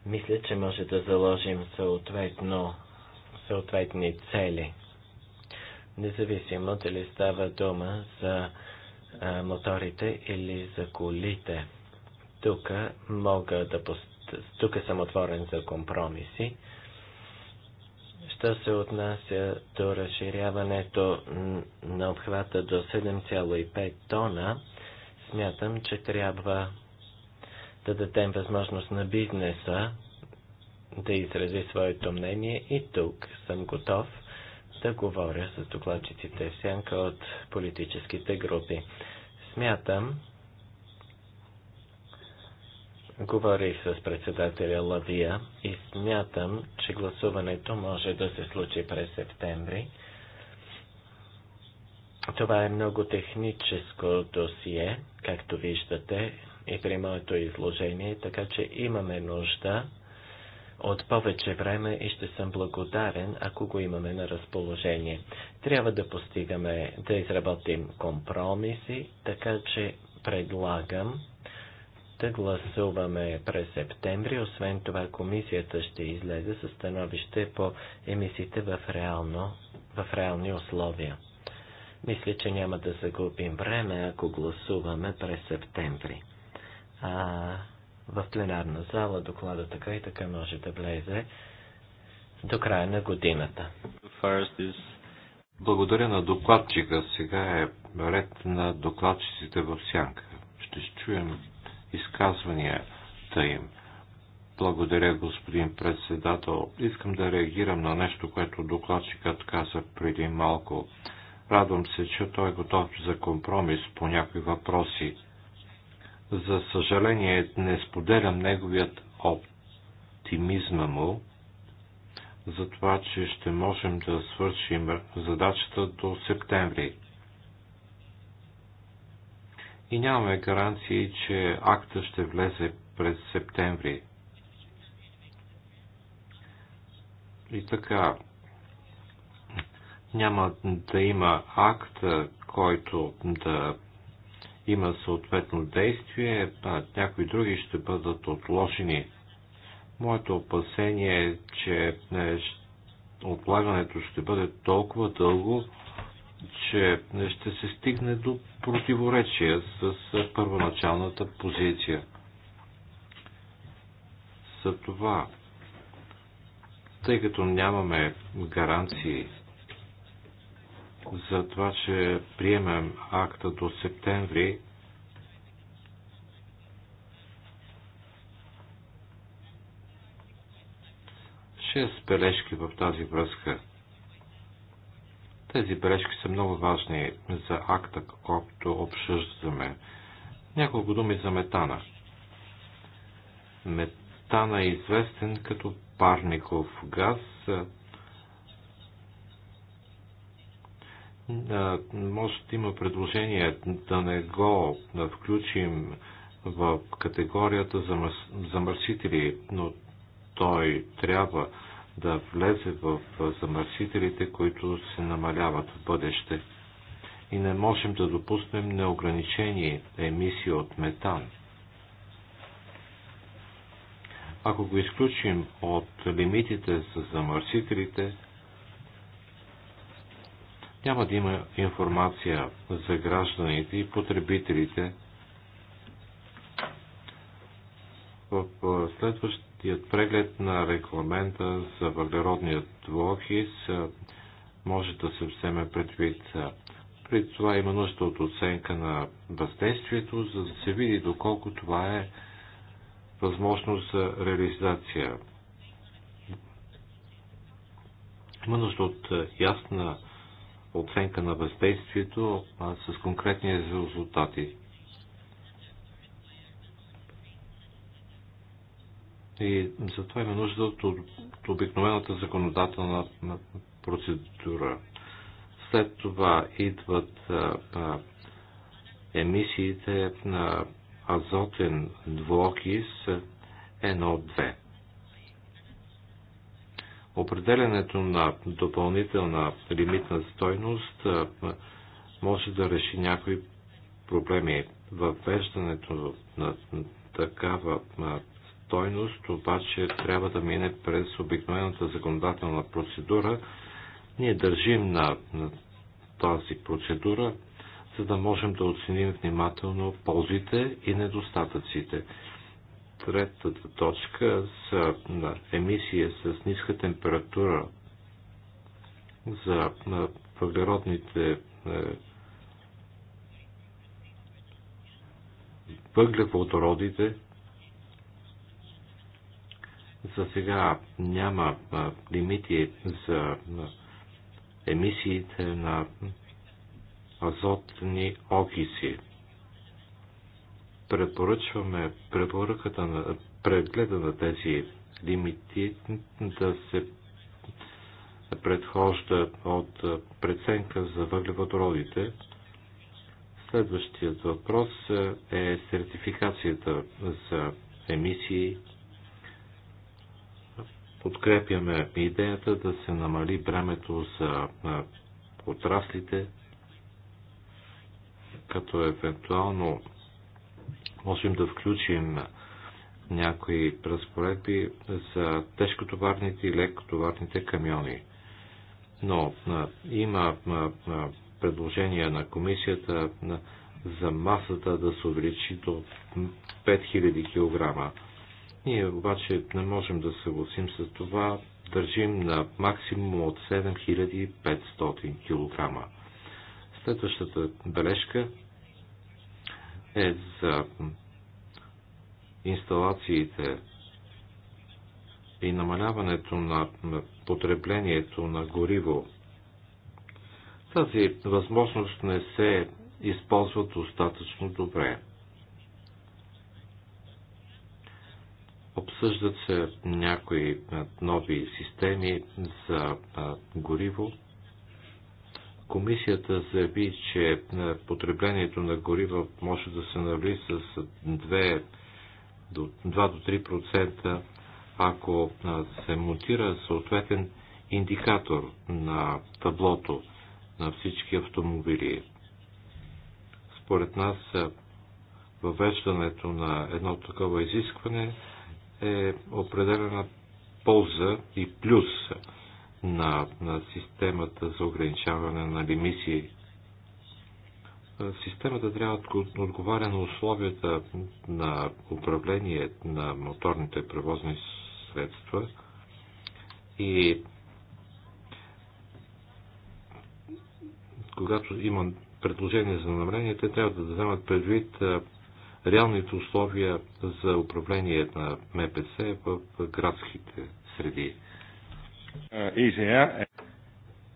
мисля, че може да заложим съответно, съответни цели. Независимо дали става дума за а, моторите или за колите. Тук мога да пост... тук съм отворен за компромиси. Що се отнася до разширяването на обхвата до 7,5 тона, смятам, че трябва да дадем възможност на бизнеса да изрази своето мнение и тук съм готов да говоря с докладчиците в сянка от политическите групи. Смятам, Говорих с председателя Лавия и смятам, че гласуването може да се случи през септември. Това е много техническо досие, както виждате и при моето изложение, така че имаме нужда от повече време и ще съм благодарен, ако го имаме на разположение. Трябва да постигаме, да изработим компромиси, така че предлагам ще гласуваме през септември. Освен това, комисията ще излезе със становище по емисиите в, реално, в реални условия. Мисля, че няма да загубим време, ако гласуваме през септември. А, в пленарна зала доклада така и така може да влезе до края на годината. Благодаря на докладчика. Сега е ред на докладчиците в сянка. Ще чуем изказванията им. Благодаря, господин председател. Искам да реагирам на нещо, което докладчикът каза преди малко. Радвам се, че той е готов за компромис по някои въпроси. За съжаление, не споделям неговият оптимизма му за това, че ще можем да свършим задачата до септември и нямаме гаранции, че акта ще влезе през септември. И така, няма да има акт, който да има съответно действие, а някои други ще бъдат отложени. Моето опасение е, че е, отлагането ще бъде толкова дълго, че ще се стигне до противоречия с първоначалната позиция. За това, тъй като нямаме гаранции за това, че приемем акта до септември, шест бележки в тази връзка – тези бележки са много важни за акта, който обсъждаме. Няколко думи за метана. Метана е известен като парников газ. Може да има предложение да не го включим в категорията замърсители, но той трябва да влезе в замърсителите, които се намаляват в бъдеще. И не можем да допуснем неограничени емисии от метан. Ако го изключим от лимитите за замърсителите, няма да има информация за гражданите и потребителите в следващ Тият преглед на регламента за въглеродния двуокис може да се вземе предвид. При това има нужда от оценка на въздействието, за да се види доколко това е възможност за реализация. Има нужда от ясна оценка на въздействието с конкретни резултати. И затова има нужда от, от обикновената законодателна процедура. След това идват а, а, емисиите на азотен двуокис но 2 Определенето на допълнителна лимитна стойност може да реши някои проблеми. Въвеждането на такава стойност обаче трябва да мине през обикновената законодателна процедура. Ние държим на, на тази процедура, за да можем да оценим внимателно ползите и недостатъците. Третата точка са на емисия с ниска температура за на въглеродните е, въглеводородите за сега няма лимити за емисиите на азотни окиси. Препоръчваме препоръката на прегледа на тези лимити да се предхожда от преценка за въглеводородите. Следващият въпрос е сертификацията за емисии Подкрепяме идеята да се намали бремето за отраслите, като евентуално можем да включим някои разпоредби за тежкотоварните и лекотоварните камиони. Но има предложения на комисията за масата да се увеличи до 5000 кг. Ние обаче не можем да съгласим с това. Държим на максимум от 7500 кг. Следващата бележка е за инсталациите и намаляването на потреблението на гориво. Тази възможност не се използва достатъчно добре. Обсъждат се някои е, нови системи за е, гориво. Комисията заяви, че е, потреблението на горива може да се навли с 2 до 3%, ако се монтира съответен индикатор на таблото на всички автомобили. Според нас въвеждането на едно такова изискване е определена полза и плюс на, на системата за ограничаване на емисии. Системата трябва да отговаря на условията на управление на моторните превозни средства и когато има предложение за намерение, те трябва да вземат предвид реалните условия за управление на МПС в градските среди. Е, е-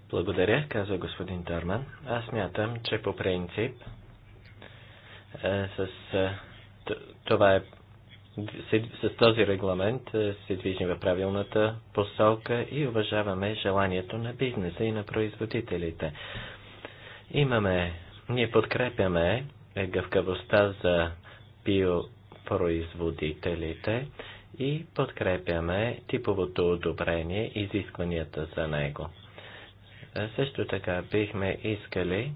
Благодаря, каза господин Дърман. Аз мятам, че по принцип е, с, това е, с, с този регламент се движим в правилната посока и уважаваме желанието на бизнеса и на производителите. Имаме, ние подкрепяме гъвкавостта за биопроизводителите и подкрепяме типовото одобрение и изискванията за него. Също така бихме искали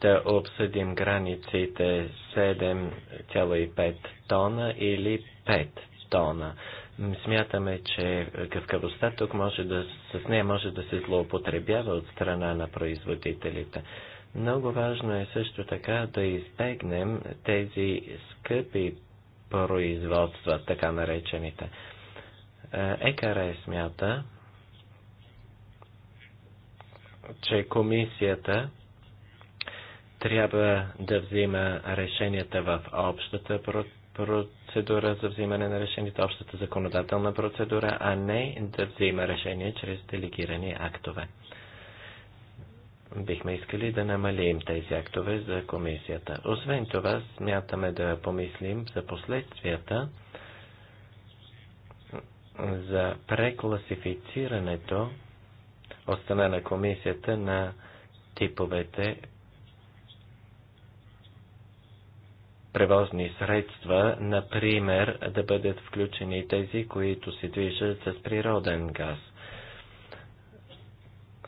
да обсъдим границите 7,5 тона или 5 тона. Смятаме, че гъвкавостта тук може да, с нея може да се злоупотребява от страна на производителите. Много важно е също така да избегнем тези скъпи производства, така наречените. Е, ЕКР смята, че комисията трябва да взима решенията в общата процедура за взимане на решенията, общата законодателна процедура, а не да взима решения чрез делегирани актове бихме искали да намалим тези актове за комисията. Освен това, смятаме да помислим за последствията за прекласифицирането от страна на комисията на типовете превозни средства, например, да бъдат включени тези, които се движат с природен газ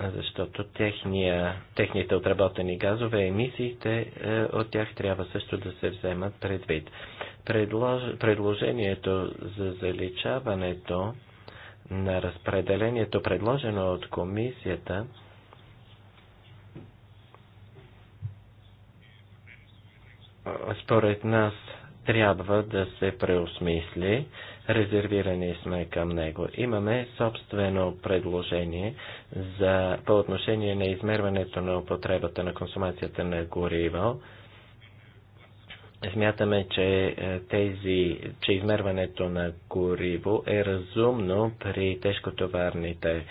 защото техния, техните отработени газове, емисиите е, от тях трябва също да се вземат предвид. Предлож, предложението за заличаването на разпределението, предложено от комисията, според нас трябва да се преосмисли резервирани сме към него. Имаме собствено предложение за, по отношение на измерването на употребата на консумацията на гориво. Смятаме, че, е, тези, че измерването на гориво е разумно при тежкотоварните е,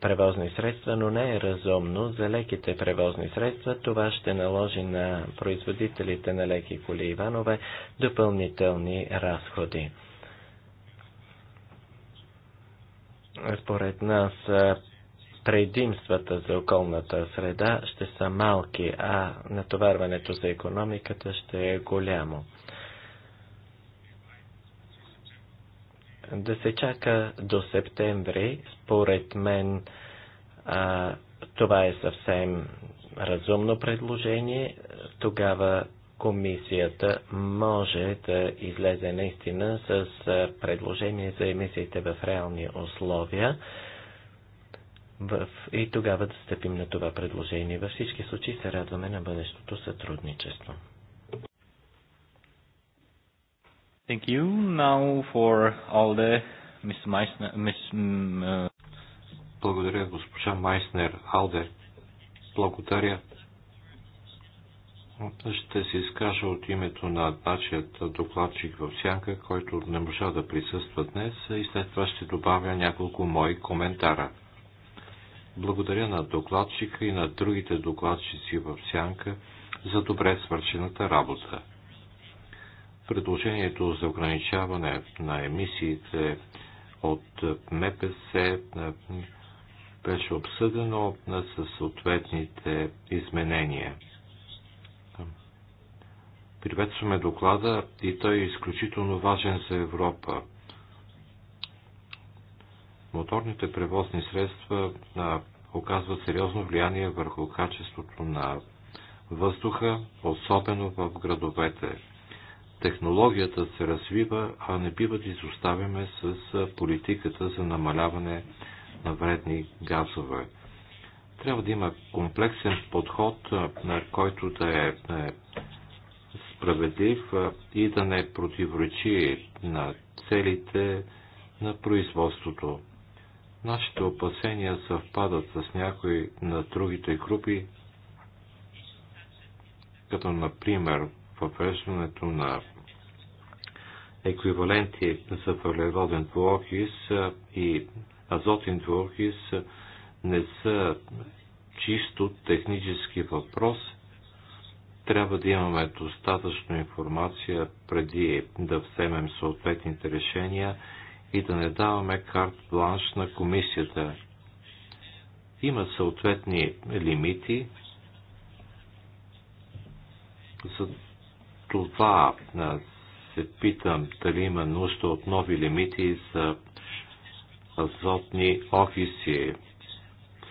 превозни средства, но не е разумно за леките превозни средства. Това ще наложи на производителите на леки коли иванове допълнителни разходи. според нас предимствата за околната среда ще са малки, а натоварването за економиката ще е голямо. Да се чака до септември, според мен, а, това е съвсем разумно предложение. Тогава комисията може да излезе наистина с предложение за емисиите в реални условия в... и тогава да стъпим на това предложение. Във всички случаи се радваме на бъдещото сътрудничество. Thank you. Now for all the Miss Meissner, Miss, mm, uh, Благодаря, госпожа Майснер Алдер. Благодаря ще се изкажа от името на нашият докладчик в Сянка, който не можа да присъства днес и след това ще добавя няколко мои коментара. Благодаря на докладчика и на другите докладчици в Сянка за добре свършената работа. Предложението за ограничаване на емисиите от МПС е, беше обсъдено на е, съответните изменения – Приветстваме доклада и той е изключително важен за Европа. Моторните превозни средства а, оказват сериозно влияние върху качеството на въздуха, особено в градовете. Технологията се развива, а не бива да изоставяме с политиката за намаляване на вредни газове. Трябва да има комплексен подход, на който да е, е справедлив и да не противоречи на целите на производството. Нашите опасения съвпадат с някои на другите групи, като например въвеждането на еквиваленти за въглероден двуокис и азотен двуокис не са чисто технически въпроси трябва да имаме достатъчно информация преди да вземем съответните решения и да не даваме карт бланш на комисията. Има съответни лимити за това се питам дали има нужда от нови лимити за азотни офиси.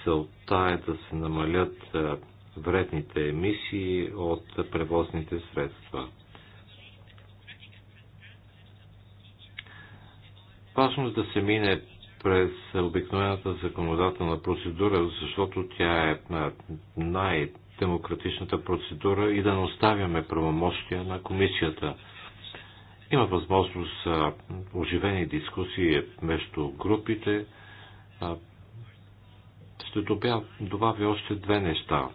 Целта е да се намалят вредните емисии от превозните средства. Важно е да се мине през обикновената законодателна процедура, защото тя е, е най-демократичната процедура и да не оставяме правомощия на комисията. Има възможност за оживени дискусии между групите. Ще добавя още две неща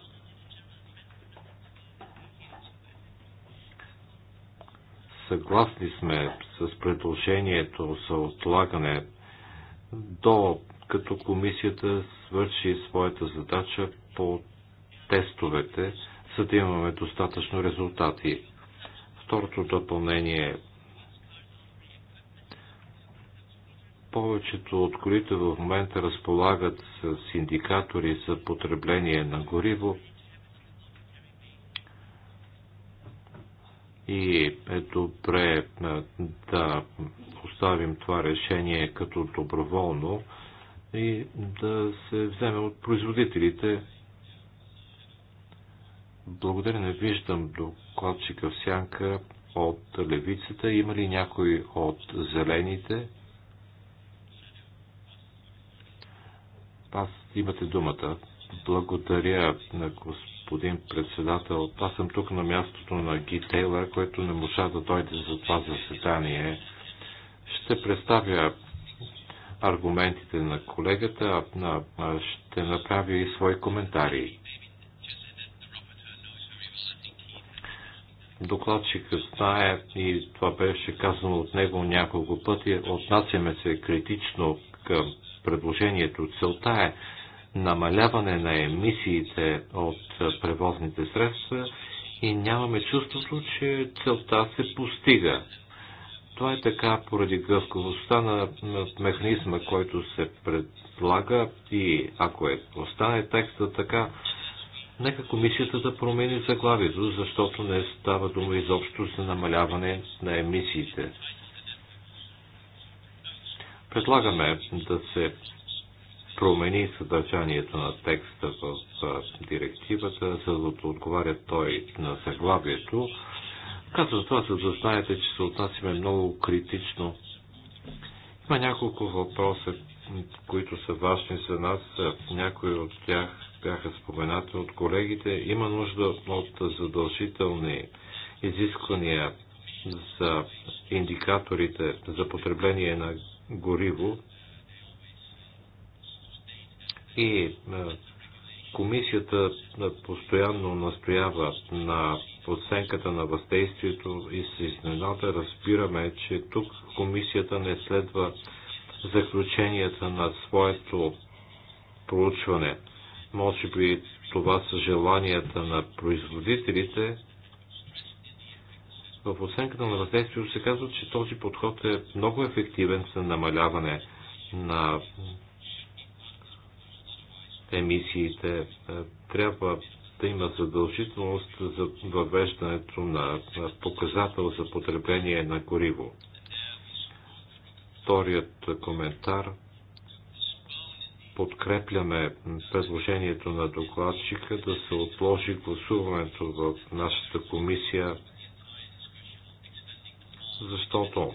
Съгласни сме с предложението за отлагане до като комисията свърши своята задача по тестовете, за да имаме достатъчно резултати. Второто допълнение е повечето от колите в момента разполагат с индикатори за потребление на гориво, И е добре е, да оставим това решение като доброволно и да се вземе от производителите. Благодаря, не виждам докладчика в сянка от левицата. Има ли някой от зелените? Аз имате думата. Благодаря на господин господин председател. Аз съм тук на мястото на Ги Тейлър, който не можа да дойде за това заседание. Ще представя аргументите на колегата, а ще направя и свои коментари. Докладчикът знае и това беше казано от него няколко пъти. Отнасяме се критично към предложението. Целта е намаляване на емисиите от превозните средства и нямаме чувството, че целта се постига. Това е така поради гъвковостта на механизма, който се предлага и ако е остане текста така, нека комисията да промени заглавието, защото не става дума изобщо за намаляване на емисиите. Предлагаме да се промени съдържанието на текста с директивата, за да отговаря той на заглавието. Казвам това, за да знаете, че се отнасяме много критично. Има няколко въпроса, които са важни за нас. Някои от тях бяха споменати от колегите. Има нужда от задължителни изисквания за индикаторите за потребление на гориво и е, комисията е, постоянно настоява на оценката на въздействието и с изненада разбираме, че тук комисията не следва заключенията на своето проучване. Може би това са желанията на производителите. В оценката на въздействието се казва, че този подход е много ефективен за намаляване на емисиите. Е, трябва да има задължителност за въвеждането на показател за потребление на гориво. Вторият коментар подкрепляме предложението на докладчика да се отложи гласуването в нашата комисия, защото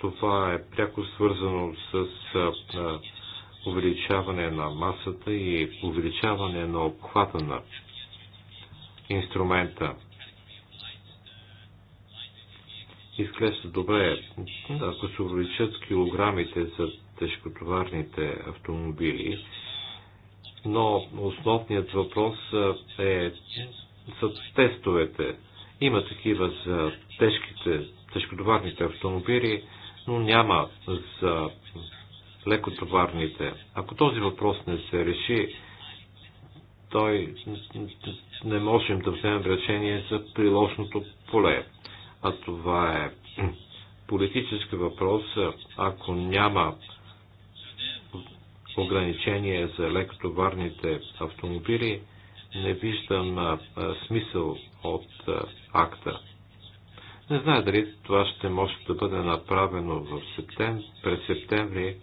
това е пряко свързано с увеличаване на масата и увеличаване на обхвата на инструмента. Изглежда добре, ако се увеличат килограмите за тежкотоварните автомобили, но основният въпрос е за тестовете. Има такива за тежките, тежкотоварните автомобили, но няма за лекотоварните. Ако този въпрос не се реши, той не можем да вземем решение за приложното поле. А това е политически въпрос. Ако няма ограничение за лекотоварните автомобили, не виждам смисъл от акта. Не знае дали това ще може да бъде направено в септем, през септември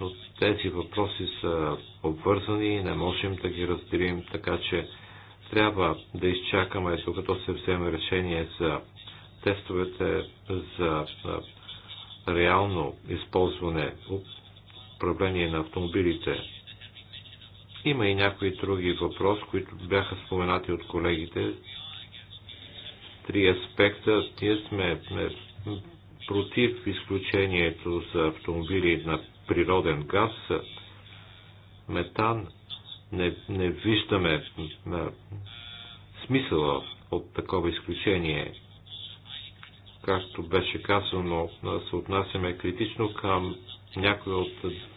но тези въпроси са обвързани и не можем да ги разделим, така че трябва да изчакаме, докато се вземе решение за тестовете за реално използване управление на автомобилите. Има и някои други въпроси, които бяха споменати от колегите. Три аспекта. Ние сме против изключението за автомобили на природен газ, метан, не, не виждаме смисъла от такова изключение. Както беше казано, се отнасяме критично към някои от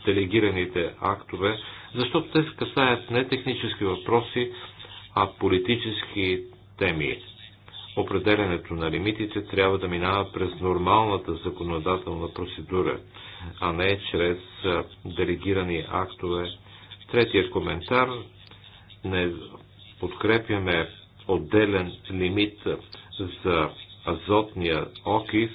делегираните актове, защото те касаят не технически въпроси, а политически теми. Определенето на лимитите трябва да минава през нормалната законодателна процедура, а не чрез делегирани актове. Третия коментар. Не подкрепяме отделен лимит за азотния окис.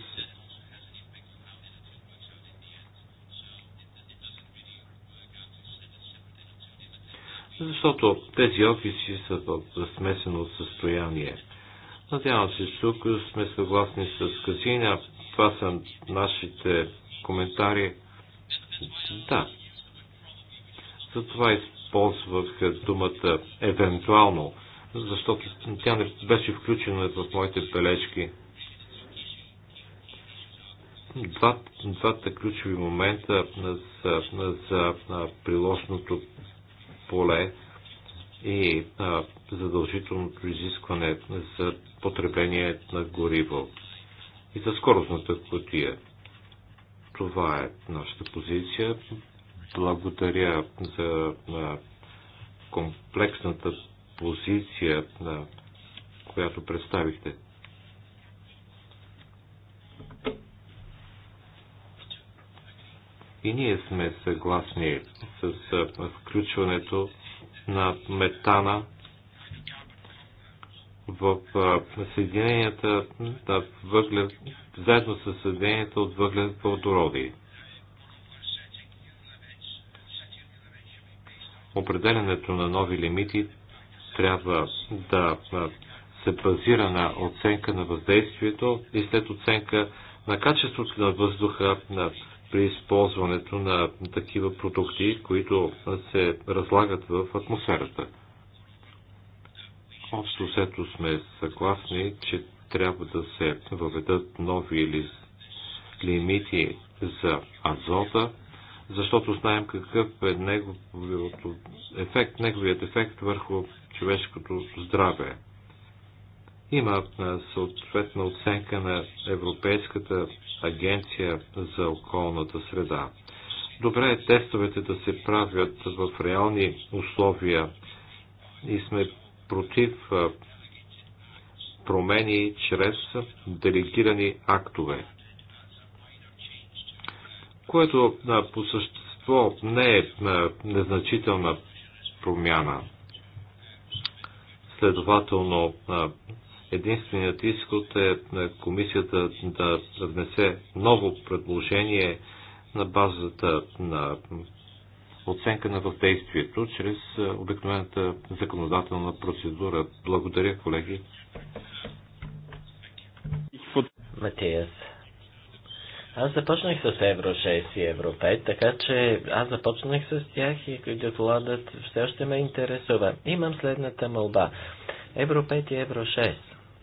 Защото тези окиси са в смесено състояние Надявам се, че тук сме съгласни с Казина. Това са нашите коментари. Да. Затова използвах думата евентуално, защото тя не беше включена в моите бележки. Два, двата ключови момента за, за приложното поле и а, задължителното изискване за потребление на гориво и за скоростната котия. Това е нашата позиция. Благодаря за а, комплексната позиция, а, която представихте. И ние сме съгласни с включването на метана в съединенията на въглед, заедно с съединенията от въглед водороди. Определенето на нови лимити трябва да се базира на оценка на въздействието и след оценка на качеството на въздуха на, при използването на такива продукти, които се разлагат в атмосферата. Общо сето сме съгласни, че трябва да се въведат нови ли, лимити за азота, защото знаем какъв е неговият ефект, неговият ефект върху човешкото здраве. Има съответна оценка на Европейската агенция за околната среда. Добре е тестовете да се правят в реални условия и сме против промени чрез делегирани актове, което по същество не е незначителна промяна. Следователно, Единственият изход е комисията да внесе ново предложение на базата на оценка на въздействието чрез обикновената законодателна процедура. Благодаря, колеги. Матиас. Аз започнах с Евро 6 и Евро 5, така че аз започнах с тях и докладът все още ме интересува. Имам следната мълба. Евро 5 и Евро 6.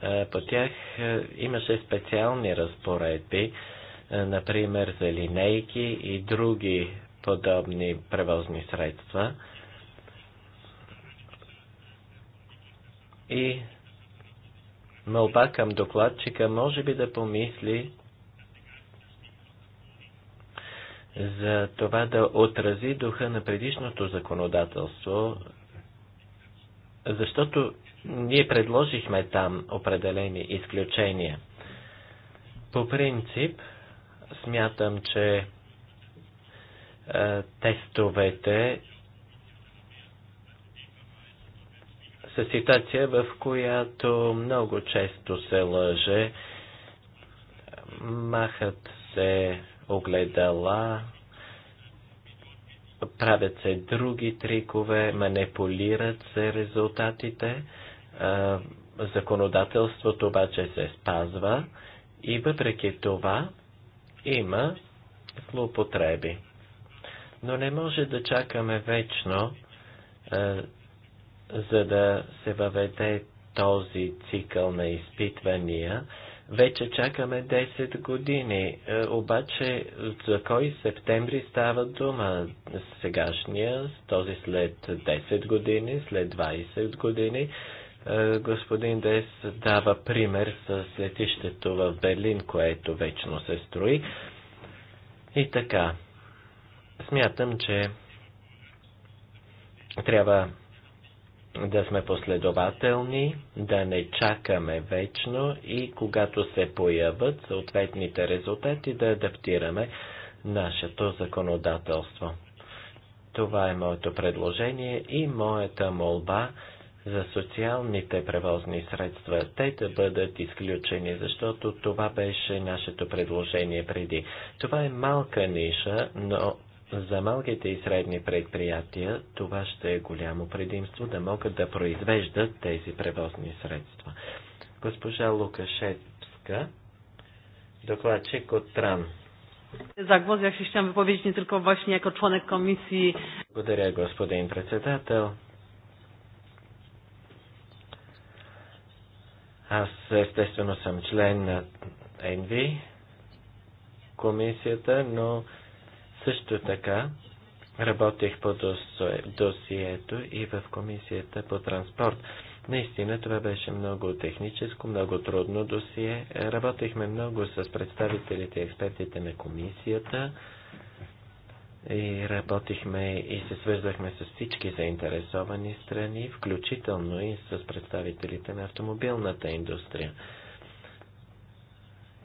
Е, по тях е, имаше специални разпоредби, е, например за линейки и други подобни превозни средства. И мълба към докладчика може би да помисли за това да отрази духа на предишното законодателство, защото ние предложихме там определени изключения. По принцип, смятам, че е, тестовете са ситуация, в която много често се лъже, махат се огледала, правят се други трикове, манипулират се резултатите. Законодателството обаче се спазва и въпреки това има злоупотреби. Но не може да чакаме вечно, за да се въведе този цикъл на изпитвания. Вече чакаме 10 години, обаче за кой септември става дума? Сегашния, този след 10 години, след 20 години. Е, господин Дес дава пример с летището в Берлин, което вечно се строи. И така, смятам, че трябва да сме последователни, да не чакаме вечно и когато се появят съответните резултати да адаптираме нашето законодателство. Това е моето предложение и моята молба за социалните превозни средства, те да бъдат изключени, защото това беше нашето предложение преди. Това е малка ниша, но за малките и средни предприятия това ще е голямо предимство да могат да произвеждат тези превозни средства. Госпожа Лукашевска, докладчик от Тран. Благодаря, господин председател. Аз естествено съм член на ЕНВИ, комисията, но също така работех по досието и в комисията по транспорт. Наистина това беше много техническо, много трудно досие. Работехме много с представителите и експертите на комисията и работихме и се свързвахме с всички заинтересовани страни, включително и с представителите на автомобилната индустрия.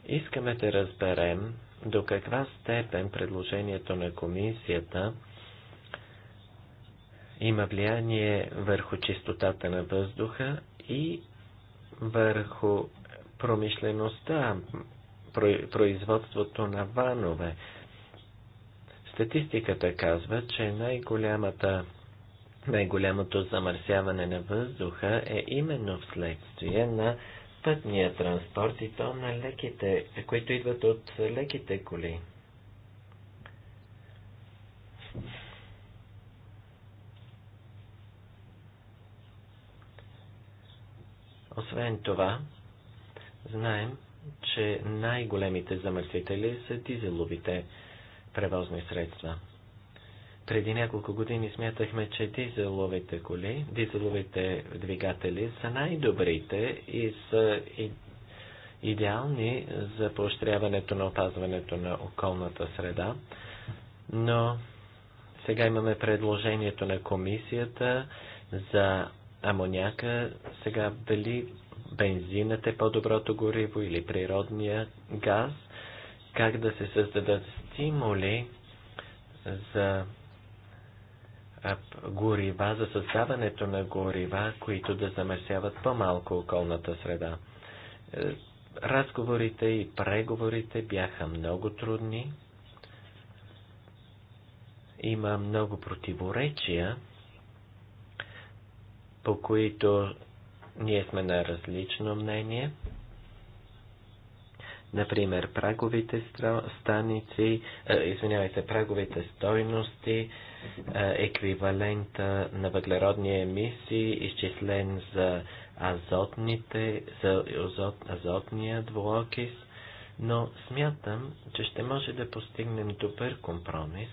Искаме да разберем до каква степен предложението на комисията има влияние върху чистотата на въздуха и върху промишлеността, производството на ванове. Статистиката казва, че най-голямата най-голямото замърсяване на въздуха е именно вследствие на пътния транспорт и то на леките, които идват от леките коли. Освен това, знаем, че най-големите замърсители са дизеловите превозни средства. Преди няколко години смятахме, че дизеловите коли, дизеловите двигатели са най-добрите и са и идеални за поощряването на опазването на околната среда, но сега имаме предложението на комисията за амоняка. Сега дали бензинът е по-доброто гориво или природния газ, как да се създадат стимули за горива, за създаването на горива, които да замърсяват по-малко околната среда. Е, разговорите и преговорите бяха много трудни. Има много противоречия, по които ние сме на различно мнение. Например, праговите станици, е, извинявайте, праговите стойности, е, еквивалента на въглеродни емисии, изчислен за азотните, за азот, азотния двуокис, но смятам, че ще може да постигнем добър компромис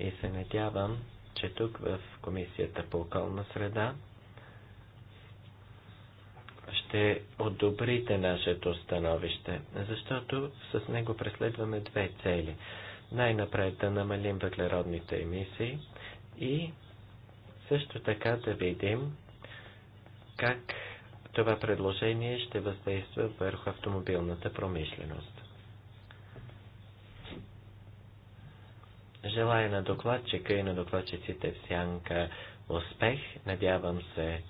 и се надявам, че тук в Комисията по околна среда ще одобрите нашето становище, защото с него преследваме две цели. Най-напред да намалим въглеродните емисии и също така да видим как това предложение ще въздейства върху автомобилната промишленост. Желая на докладчика и на докладчиците в Сянка успех. Надявам се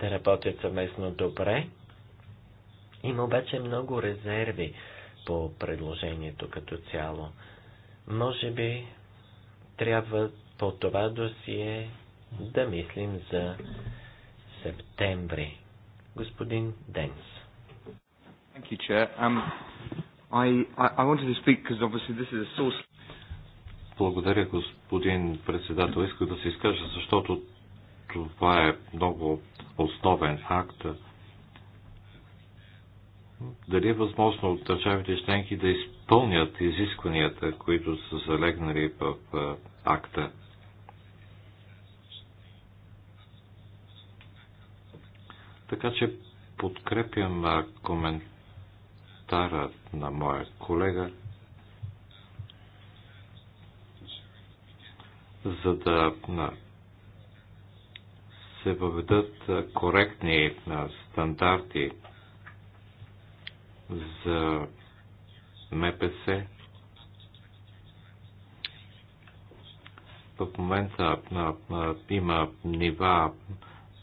Да работят съвместно добре. Има обаче много резерви по предложението като цяло. Може би трябва по това досие да мислим за септември. Господин Денс. Thank you, Chair. Um, I, I, I wanted to speak because obviously this is a source. Благодаря, господин председател. Исках да се изкажа, защото това е много основен акт. Дали е възможно от държавите членки да изпълнят изискванията, които са залегнали в е, акта? Така че подкрепям е, коментара на моя колега, за да се въведат коректни стандарти за МПС. В момента има нива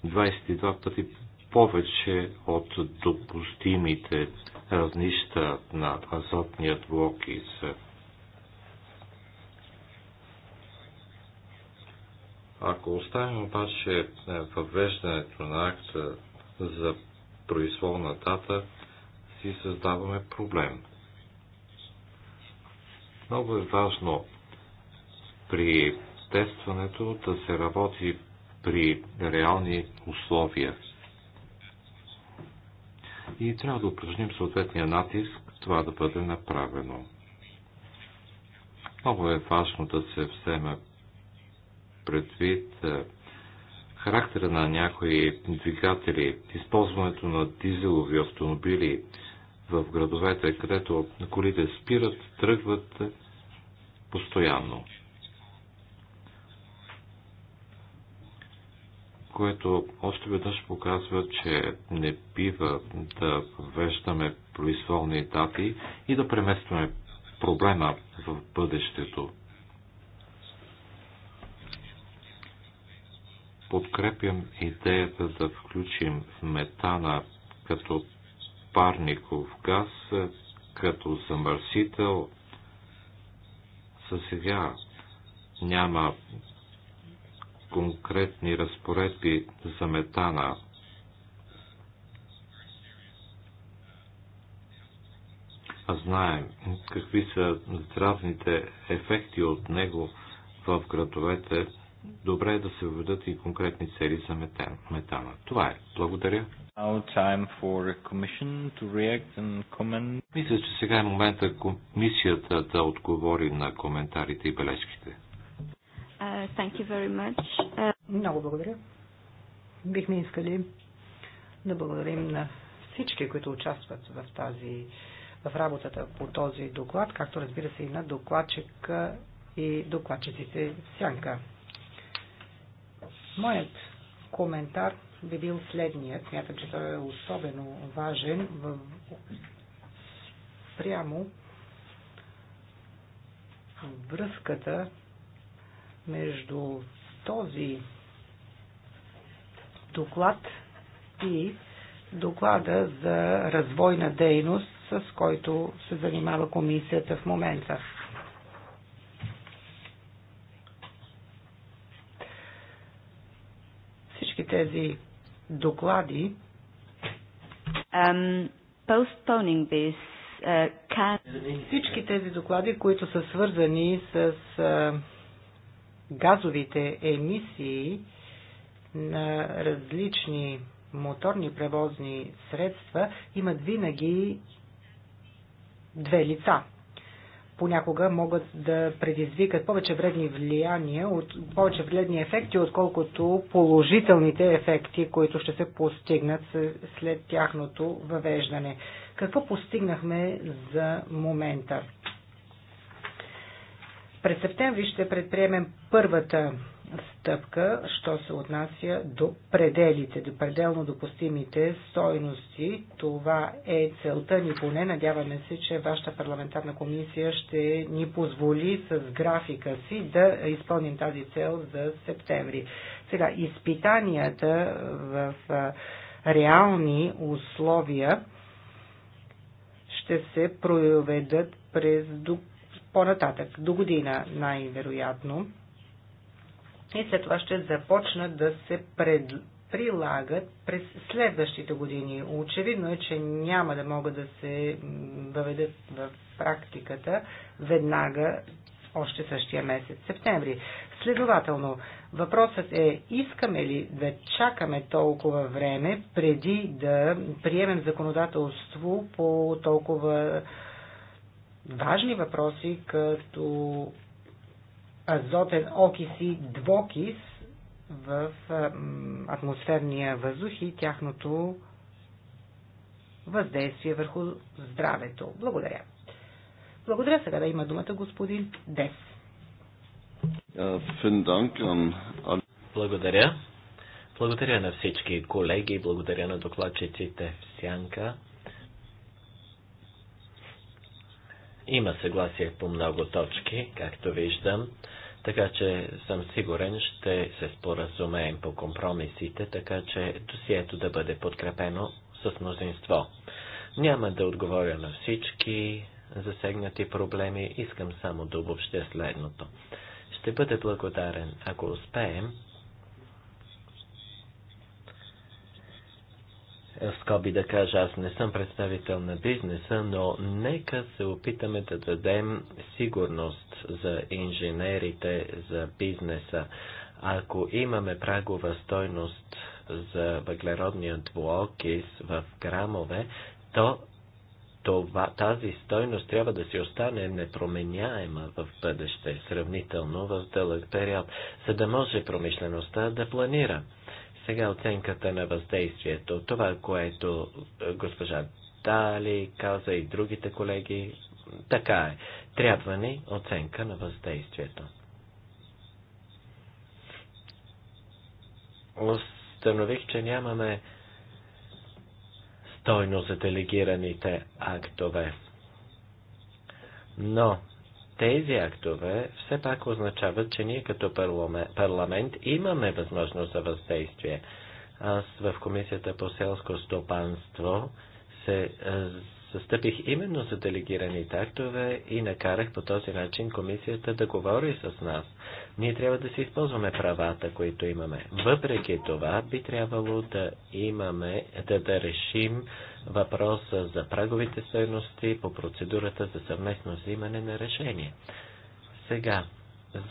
22 пъти повече от допустимите разнища на азотният блок и за Ако оставим обаче е, въвеждането на акта за произволна дата, си създаваме проблем. Много е важно при тестването да се работи при реални условия. И трябва да упражним съответния натиск това да бъде направено. Много е важно да се вземе предвид е, характера на някои двигатели, използването на дизелови автомобили в градовете, където колите спират, тръгват постоянно. което още веднъж показва, че не бива да веждаме произволни дати и да преместваме проблема в бъдещето. Подкрепям идеята да включим метана като парников газ, като замърсител. За сега няма конкретни разпоредби за метана. А знаем какви са здравните ефекти от него в градовете добре е да се въведат и конкретни цели за метан, метана. Това е. Благодаря. Мисля, че сега е момента комисията да отговори на коментарите и бележките. Uh, thank you very much. Uh... Много благодаря. Бихме искали да благодарим на всички, които участват в тази в работата по този доклад, както разбира се и на докладчика и докладчиците сянка. Моят коментар би бил следният. Смятам, че той е особено важен в... прямо връзката между този доклад и доклада за развойна дейност, с който се занимава комисията в момента. тези доклади. Um, postponing this uh, can... Всички тези доклади, които са свързани с uh, газовите емисии на различни моторни превозни средства, имат винаги две лица – понякога могат да предизвикат повече вредни влияния, от, повече вредни ефекти, отколкото положителните ефекти, които ще се постигнат след тяхното въвеждане. Какво постигнахме за момента? През септември ще предприемем първата стъпка, що се отнася до пределите, до пределно допустимите стойности. Това е целта ни поне. Надяваме се, че вашата парламентарна комисия ще ни позволи с графика си да изпълним тази цел за септември. Сега, изпитанията в реални условия ще се проведат през по-нататък, до година най-вероятно и след това ще започнат да се пред, прилагат през следващите години. Очевидно е, че няма да могат да се въведат в практиката веднага още същия месец, септември. Следователно, въпросът е, искаме ли да чакаме толкова време преди да приемем законодателство по толкова важни въпроси, като азотен окис и двокис в атмосферния въздух и тяхното въздействие върху здравето. Благодаря. Благодаря сега да има думата господин Дес. Е, благодаря. Благодаря на всички колеги, благодаря на докладчиците в Сянка. Има съгласие по много точки, както виждам. Така че съм сигурен, ще се споразумеем по компромисите, така че досието да бъде подкрепено с мнозинство. Няма да отговоря на всички засегнати проблеми, искам само да обобщя следното. Ще бъде благодарен, ако успеем скоби да кажа, аз не съм представител на бизнеса, но нека се опитаме да дадем сигурност за инженерите, за бизнеса. Ако имаме прагова стойност за въглеродния двуокис в грамове, то това, тази стойност трябва да си остане непроменяема в бъдеще, сравнително в дълъг период, за да може промишлеността да планира. Сега оценката на въздействието. Това, което е, госпожа Дали каза и другите колеги, така е. Трябва ни оценка на въздействието. Установих, че нямаме стойно за делегираните актове. Но тези актове все пак означават, че ние като парламент имаме възможност за въздействие. Аз в Комисията по селско стопанство се състъпих е, именно за делегираните актове и накарах по този начин комисията да говори с нас. Ние трябва да си използваме правата, които имаме. Въпреки това, би трябвало да имаме, да, да решим въпроса за праговите стоености по процедурата за съвместно взимане на решение. Сега,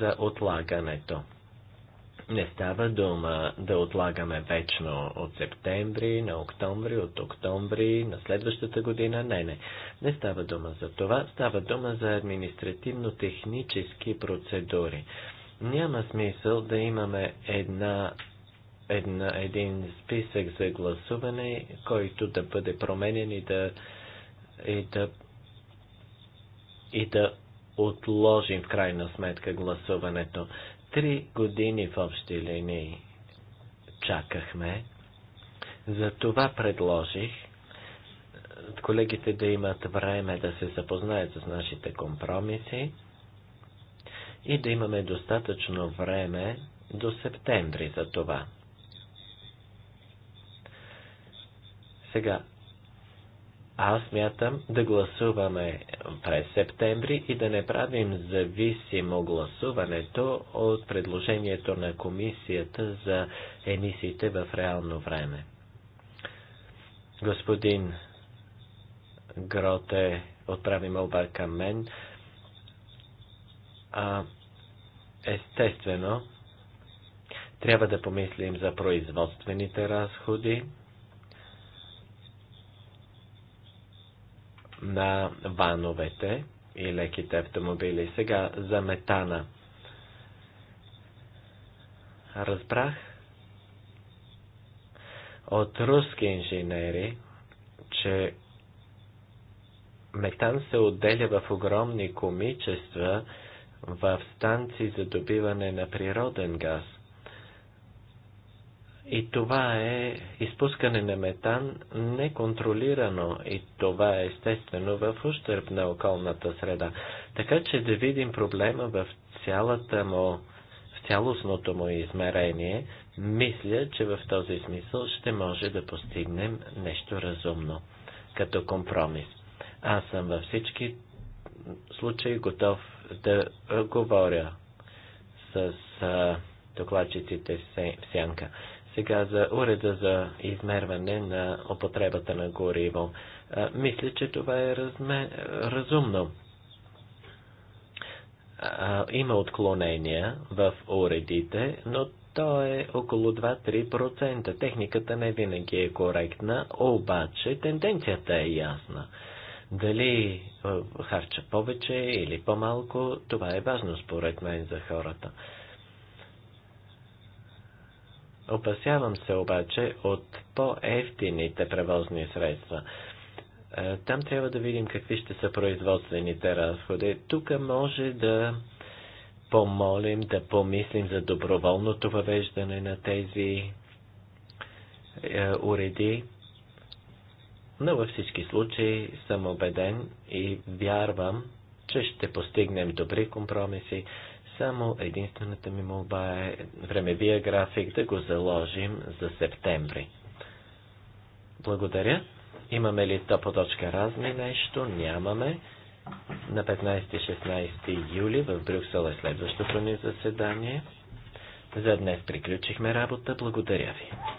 за отлагането. Не става дума да отлагаме вечно от септември на октомври, от октомври на следващата година. Не, не. Не става дума за това. Става дума за административно-технически процедури. Няма смисъл да имаме една една, един списък за гласуване, който да бъде променен и да, и да, и да отложим в крайна сметка гласуването. Три години в общи линии чакахме. За това предложих колегите да имат време да се запознаят с нашите компромиси и да имаме достатъчно време до септември за това. Сега, аз мятам да гласуваме през септември и да не правим зависимо гласуването от предложението на комисията за емисиите в реално време. Господин Гроте отправи молба към мен. А, естествено, трябва да помислим за производствените разходи, на вановете и леките автомобили. Сега за метана. Разбрах от руски инженери, че метан се отделя в огромни комичества в станции за добиване на природен газ. И това е изпускане на метан неконтролирано и това е естествено в ущърп на околната среда. Така че да видим проблема в цялата му, в цялостното му измерение, мисля, че в този смисъл ще може да постигнем нещо разумно, като компромис. Аз съм във всички случаи готов да говоря с докладчиците в сянка. Сега за уреда за измерване на употребата на гориво. Мисля, че това е разме... разумно. Има отклонения в уредите, но то е около 2-3%. Техниката не винаги е коректна, обаче тенденцията е ясна. Дали харча повече или по-малко, това е важно според мен за хората. Опасявам се обаче от по-ефтините превозни средства. Е, там трябва да видим какви ще са производствените разходи. Тук може да помолим, да помислим за доброволното въвеждане на тези е, уреди. Но във всички случаи съм убеден и вярвам, че ще постигнем добри компромиси. Само единствената ми молба е времевия график да го заложим за септември. Благодаря. Имаме ли то по точка разни нещо? Нямаме. На 15-16 юли в Брюксел е следващото ни заседание. За днес приключихме работа. Благодаря ви.